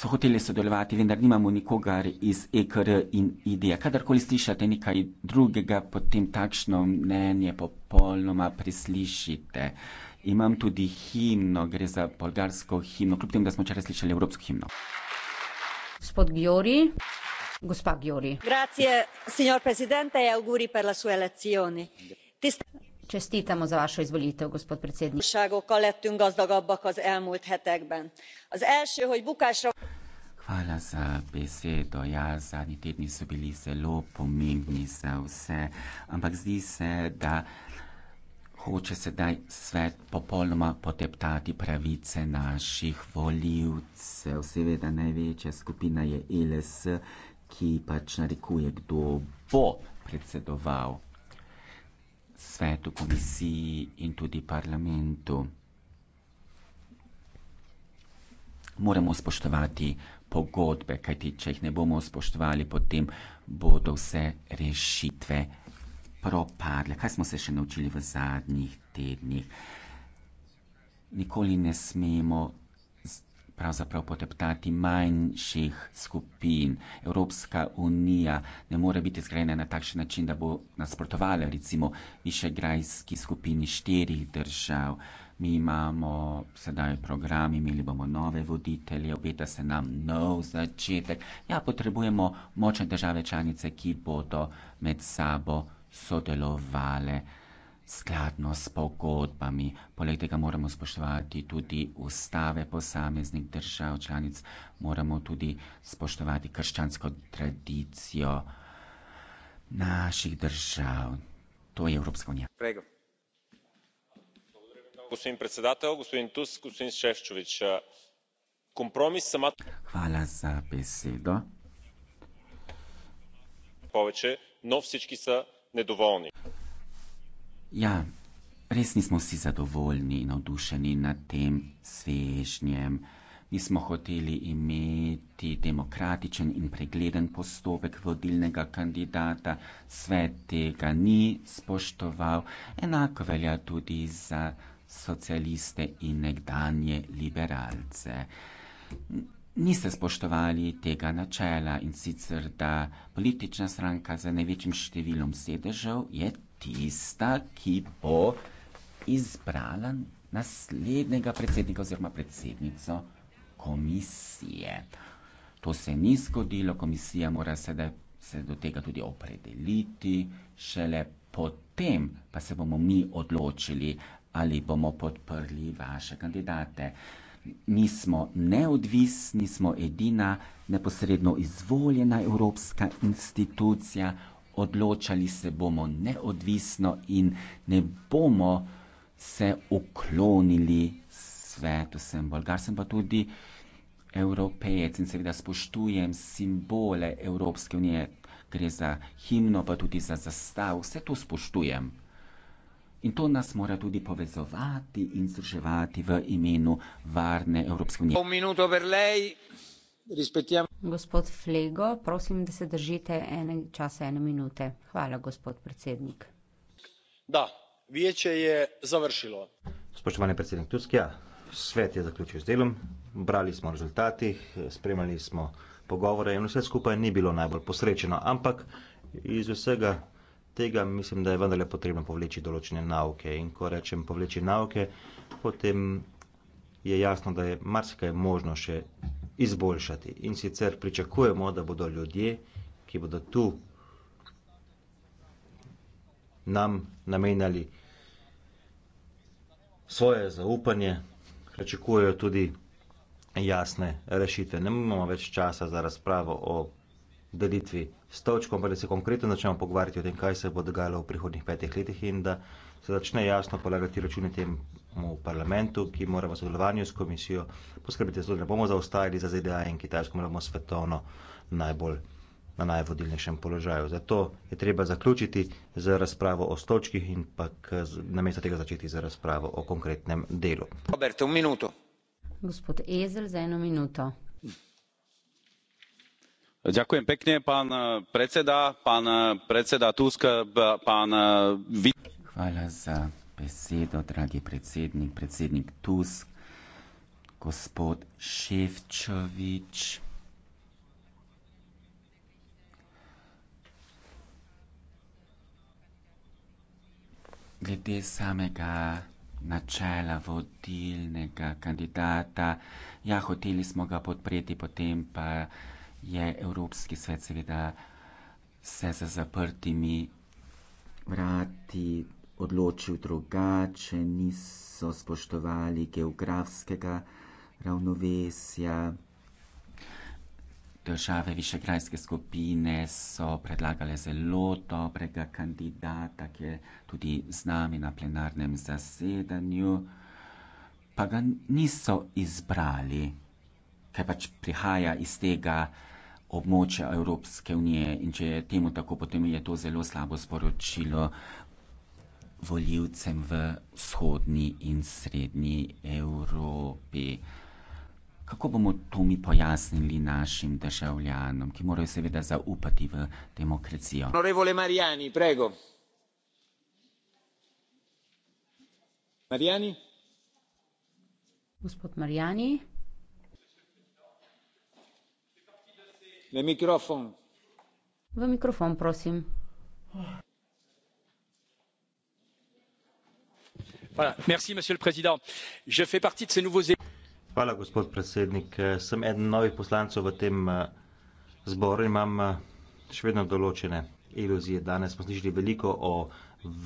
so hoteli sodelovati, vendar nimamo nikogar iz EKR in IDEA. Kadarkoli slišite nekaj drugega, potem takšno mnenje popolnoma preslišite. Imam tudi himno, gre za bolgarsko himno, kljub temu, da smo včeraj slišali evropsko himno. Gospod Giori. Gospa Giori. Grazie, signor presidente, e auguri per la sua elezione. Tiste... Čestitamo za vašo izvolitev, gospod predsednik. Hvaloságokkal lettünk gazdagabbak az elmúlt hetekben. Az első, hogy bukásra... Hvala za besedo. Ja, zadnji tedni so bili zelo pomembni za vse, ampak zdi se, da hoče sedaj svet popolnoma poteptati pravice naših voljivcev. Seveda največja skupina je e LS, ki pač narekuje, kdo bo predsedoval svetu, komisiji in tudi parlamentu. Moramo spoštovati pogodbe, kajti če jih ne bomo spoštovali, potem bodo vse rešitve propadle. Kaj smo se še naučili v zadnjih tednih? Nikoli ne smemo pravzaprav poteptati manjših skupin. Evropska unija ne more biti zgrajena na takšen način, da bo nasprotovala recimo višegrajski skupini štirih držav. Mi imamo sedaj program, imeli bomo nove voditelje, obeta se nam nov začetek. Ja, potrebujemo močne države članice, ki bodo med sabo sodelovale skladno s pogodbami. Poleg tega moramo spoštovati tudi ustave posameznih držav članic, moramo tudi spoštovati krščansko tradicijo naših držav. To je Evropska unija. Prego. Gospod predsedatelj, gospod Tusk, gospod Šeščovič. Eh, kompromis sama... Hvala za besedo. Poveče, no, vsički so nedovoljni. Ja, res nismo vsi zadovoljni in navdušeni nad tem svežnjem. Mi smo hoteli imeti demokratičen in pregleden postopek vodilnega kandidata, svet tega ni spoštoval, enako velja tudi za socialiste in nekdanje liberalce. Niste spoštovali tega načela in sicer, da politična stranka za največjim številom sedežev je tista, ki bo izbrala naslednjega predsednika oziroma predsednico komisije. To se ni zgodilo, komisija mora sedaj se do tega tudi opredeliti, šele potem pa se bomo mi odločili, ali bomo podprli vaše kandidate. Mi smo neodvisni, smo edina neposredno izvoljena evropska institucija, odločali se bomo neodvisno in ne bomo se uklonili svetu. Sem bolgar, sem pa tudi evropejec in seveda spoštujem simbole Evropske unije, gre za himno, pa tudi za zastav, vse to spoštujem. In to nas mora tudi povezovati in združevati v imenu varne Evropske unije. Gospod Flego, prosim, da se držite ene, časa ene minute. Hvala, gospod predsednik. Da, vijeće je završilo. Spoštovani predsednik Tusk, ja, svet je zaključil z delom, brali smo o rezultatih, spremljali smo pogovore in vse skupaj ni bilo najbolj posrečeno, ampak iz vsega tega mislim, da je vendarle potrebno povleči določene nauke in ko rečem povleči nauke, potem je jasno, da je marsikaj možno še izboljšati. In sicer pričakujemo, da bodo ljudje, ki bodo tu nam namenjali svoje zaupanje, pričakujejo tudi jasne rešitve. Ne imamo več časa za razpravo o delitvi s točkom, pa da se konkretno začnemo pogovarjati o tem, kaj se bo dogajalo v prihodnih petih letih in da se začne jasno polagati računi tem v parlamentu, ki mora v sodelovanju s komisijo poskrbeti za to, da ne bomo zaostajali za ZDA in Kitajsko, moramo svetovno najbolj na najvodilnejšem položaju. Zato je treba zaključiti z razpravo o stočkih in pa namesto tega začeti z razpravo o konkretnem delu. Roberto, v minuto. Gospod Ezel, za eno minuto. Ďakujem pekne, pán eh, predseda, pán eh, predseda Tusk, eh, pán... Hvala za besedo, dragi predsednik, predsednik Tusk, gospod Ševčovič. Glede samega načela vodilnega kandidata, ja, hoteli smo ga podpreti, potem pa je Evropski svet seveda se za zaprtimi vrati odločil drugače, niso spoštovali geografskega ravnovesja. Države Višegrajske skupine so predlagale zelo dobrega kandidata, ki je tudi z nami na plenarnem zasedanju, pa ga niso izbrali, ker pač prihaja iz tega območja Evropske unije in če je temu tako, potem je to zelo slabo sporočilo voljivcem v vzhodni in srednji Evropi. Kako bomo to mi pojasnili našim državljanom, ki morajo seveda zaupati v demokracijo? Onorevole Mariani, prego. Mariani? Gospod Mariani? V mikrofon. V mikrofon, prosim. Hvala, gospod predsednik. Sem eden novih poslancev v tem eh, zboru in imam eh, še vedno določene iluzije. Danes smo slišali veliko o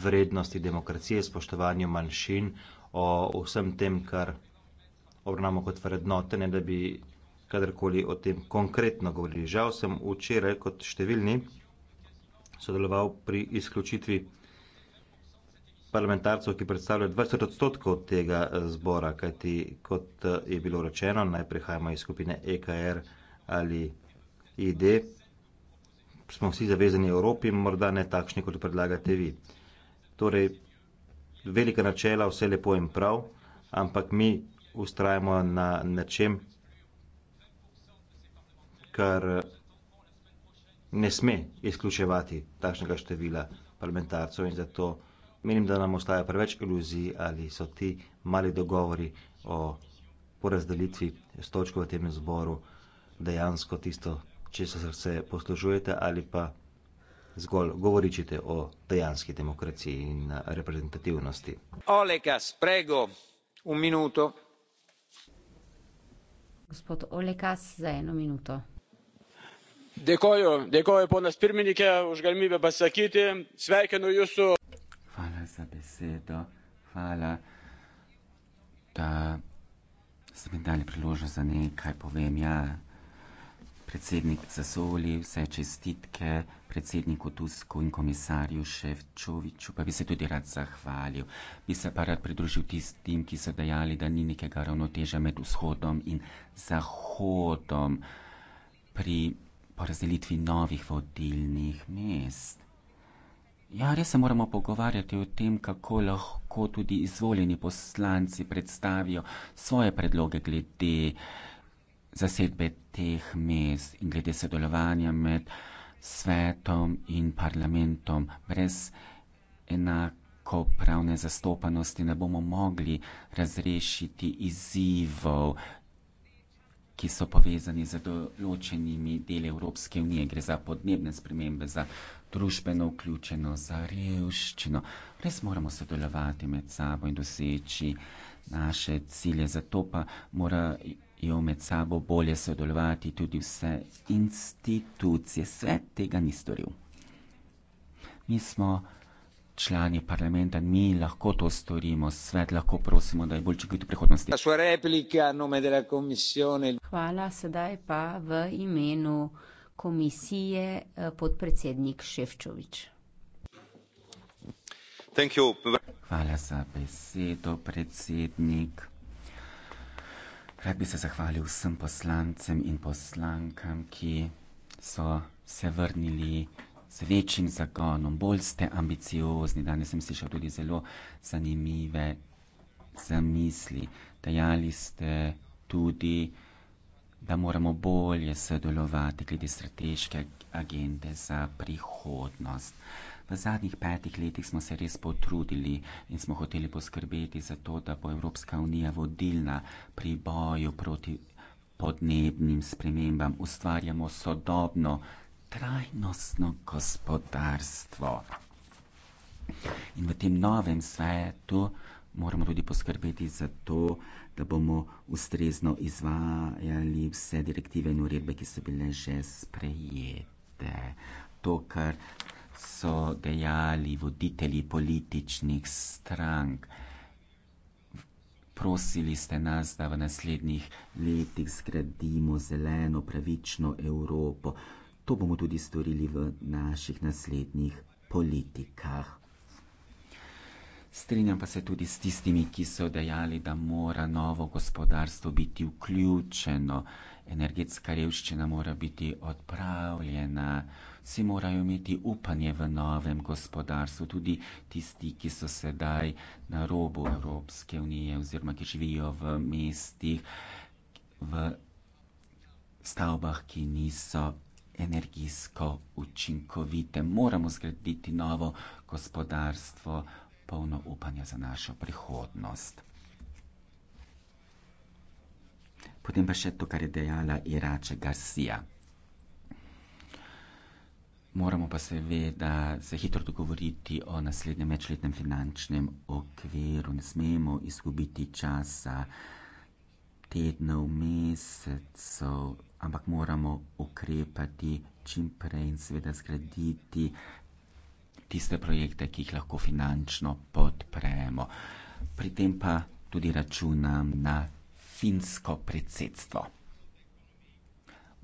vrednosti demokracije, spoštovanju manjšin, o vsem tem, kar obravnavamo kot vrednote, ne da bi kadarkoli o tem konkretno govorili. Žal sem včeraj kot številni sodeloval pri izključitvi parlamentarcev, ki predstavlja 20 odstotkov tega eh, zbora, kajti kot eh, je bilo rečeno, naj prihajamo iz skupine EKR ali ID, smo vsi zavezani Evropi, morda ne takšni, kot predlagate vi. Torej, velika načela, vse lepo in prav, ampak mi ustrajamo na nečem, kar eh, ne sme izključevati takšnega števila parlamentarcev in zato. Menim, da nam ostaja preveč iluzij ali so ti mali dogovori o porazdelitvi stolčkov v tem zboru dejansko tisto, če se srce poslužujete ali pa zgolj govoričite o dejanski demokraciji in reprezentativnosti. Olekas, prego, un minuto. Gospod Olekas, za eno minuto. Dėkoju, dėkoju ponas pirmininkė už galimybę pasakyti. Sveikinu jūsų besedo. Hvala, da ste mi dali priložnost, da nekaj povem. Ja, predsednik Zasoli, vse čestitke predsedniku Tusku in komisarju Ševčoviču, pa bi se tudi rad zahvalil. Bi se pa rad pridružil tistim, ki so dejali, da ni nekega ravnoteža med vzhodom in zahodom pri porazdelitvi novih vodilnih mest. Ja, res se moramo pogovarjati o tem, kako lahko tudi izvoljeni poslanci predstavijo svoje predloge glede zasedbe teh mest in glede sodelovanja med svetom in parlamentom. Brez enakopravne zastopanosti ne bomo mogli razrešiti izzivov, ki so povezani z določenimi deli Evropske unije. Gre za podnebne spremembe, za družbeno vključeno za revščino. Res moramo sodelovati med sabo in doseči naše cilje, zato pa morajo med sabo bolje sodelovati tudi vse institucije. Svet tega ni storil. Mi smo člani parlamenta, mi lahko to storimo, svet lahko prosimo, da je bolj čekati v prihodnosti. Hvala, sedaj pa v imenu komisije eh, podpredsednik Ševčovič. Hvala za besedo, predsednik. Rad bi se zahvalil vsem poslancem in poslankam, ki so se vrnili z večjim zagonom, bolj ste ambiciozni. Danes sem slišal tudi zelo zanimive zamisli. Dejali ste tudi, da moramo bolje sodelovati glede strateške agende za prihodnost. V zadnjih petih letih smo se res potrudili in smo hoteli poskrbeti za to, da bo Evropska unija vodilna pri boju proti podnebnim spremembam, ustvarjamo sodobno, trajnostno gospodarstvo. In v tem novem svetu moramo tudi poskrbeti za to, da bomo ustrezno izvajali vse direktive in uredbe, ki so bile že sprejete. To, kar so dejali voditelji političnih strank. Prosili ste nas, da v naslednjih letih zgradimo zeleno, pravično Evropo. To bomo tudi storili v naših naslednjih politikah. Strinjam pa se tudi s tistimi, ki so dejali, da mora novo gospodarstvo biti vključeno, energetska revščina mora biti odpravljena, vsi morajo imeti upanje v novem gospodarstvu, tudi tisti, ki so sedaj na robu Evropske unije oziroma ki živijo v mestih, v stavbah, ki niso energijsko učinkovite. Moramo zgraditi novo gospodarstvo, polno upanja za našo prihodnost. Potem pa še to, kar je dejala Irače Garcia. Moramo pa seveda se hitro dogovoriti o naslednjem večletnem finančnem okviru. Ne smemo izgubiti časa tednov, mesecev, ampak moramo ukrepati čim prej in seveda zgraditi tiste projekte, ki jih lahko finančno podpremo. Pri tem pa tudi računam na finsko predsedstvo.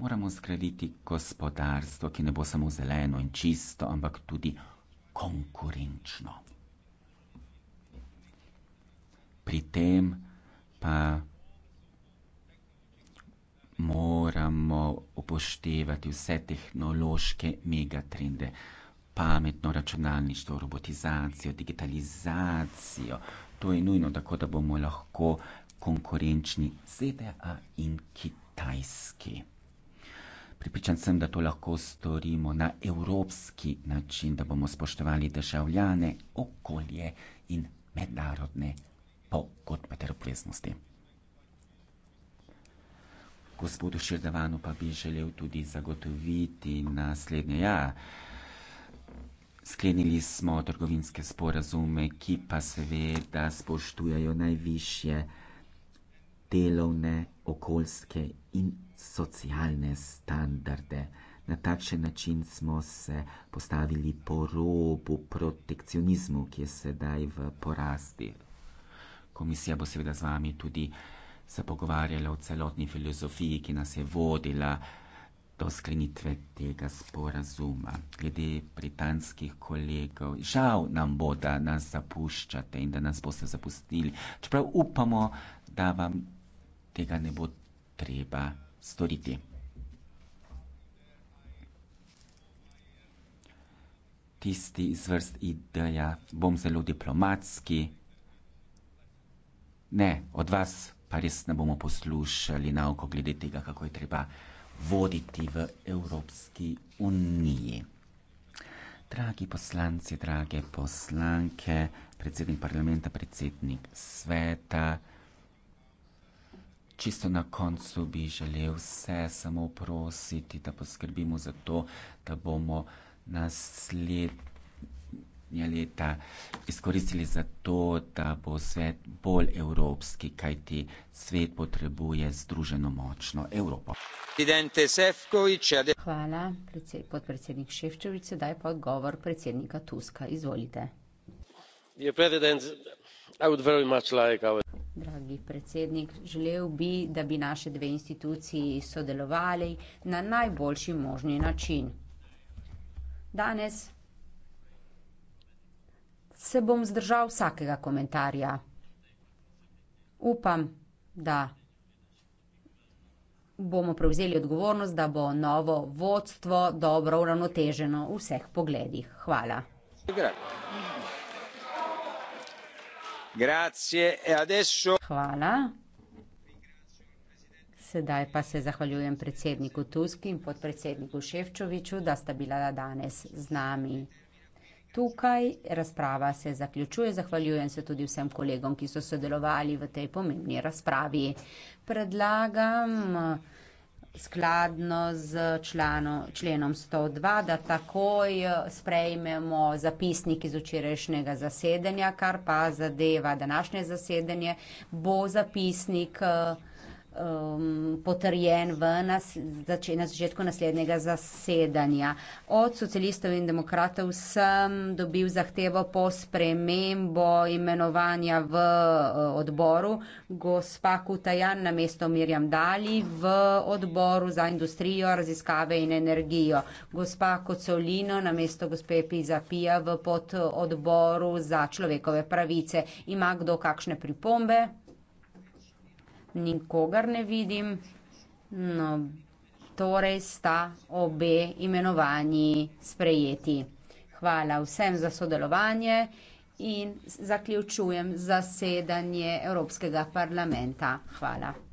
Moramo zgraditi gospodarstvo, ki ne bo samo zeleno in čisto, ampak tudi konkurenčno. Pri tem pa moramo upoštevati vse tehnološke megatrende pametno računalništvo, robotizacijo, digitalizacijo. To je nujno, tako da bomo lahko konkurenčni ZDA in Kitajski. Pripričan sem, da to lahko storimo na evropski način, da bomo spoštovali državljane, okolje in mednarodne pogodbe ter obveznosti. Gospodu Širdevanu pa bi želel tudi zagotoviti naslednje. Ja, uh, sklenili smo trgovinske sporazume, ki pa seveda spoštujajo najvišje delovne, okoljske in socialne standarde. Na takšen način smo se postavili po robu protekcionizmu, ki je sedaj v porasti. Komisija bo seveda z vami tudi se pogovarjala o celotni filozofiji, ki nas je vodila do sklenitve tega sporazuma. Glede britanskih kolegov, žal nam bo, da nas zapuščate in da nas boste zapustili, čeprav upamo, da vam tega ne bo treba storiti. Tisti iz vrst ideja, bom zelo diplomatski. Ne, od vas pa res ne bomo poslušali na oko glede tega, kako je treba voditi v Evropski uniji. Dragi poslanci, drage poslanke, predsednik parlamenta, predsednik sveta, čisto na koncu bi želel vse samo prositi, da poskrbimo za to, da bomo naslednji letošnje leta izkoristili za to, da bo svet bolj evropski, kajti svet potrebuje združeno močno Evropo. Hvala, podpredsednik Ševčevič, sedaj pa odgovor predsednika Tuska. Izvolite. Dragi predsednik, želel bi, da bi naše dve instituciji sodelovali na najboljši možni način. Danes se bom zdržal vsakega komentarja. Upam, da bomo prevzeli odgovornost, da bo novo vodstvo dobro uravnoteženo v vseh pogledih. Hvala. E Hvala. Sedaj pa se zahvaljujem predsedniku Tusk in podpredsedniku Ševčoviču, da sta bila danes z nami tukaj, razprava se zaključuje. Zahvaljujem se tudi vsem kolegom, ki so sodelovali v tej pomembni razpravi. Predlagam skladno z člano, členom 102, da takoj sprejmemo zapisnik iz včerajšnjega zasedanja, kar pa zadeva današnje zasedanje, bo zapisnik uh, um, potrjen v nas, začetku naslednjega zasedanja. Od socialistov in demokratov sem dobil zahtevo po spremembo imenovanja v uh, odboru gospa Kutajan na mesto Mirjam Dali v odboru za industrijo, raziskave in energijo. Gospa Kocolino na mesto gospe Pizapija v pod odboru za človekove pravice. Ima kdo kakšne pripombe? nikogar ne vidim. No, torej sta obe imenovanji sprejeti. Hvala vsem za sodelovanje in zaključujem zasedanje Evropskega parlamenta. Hvala.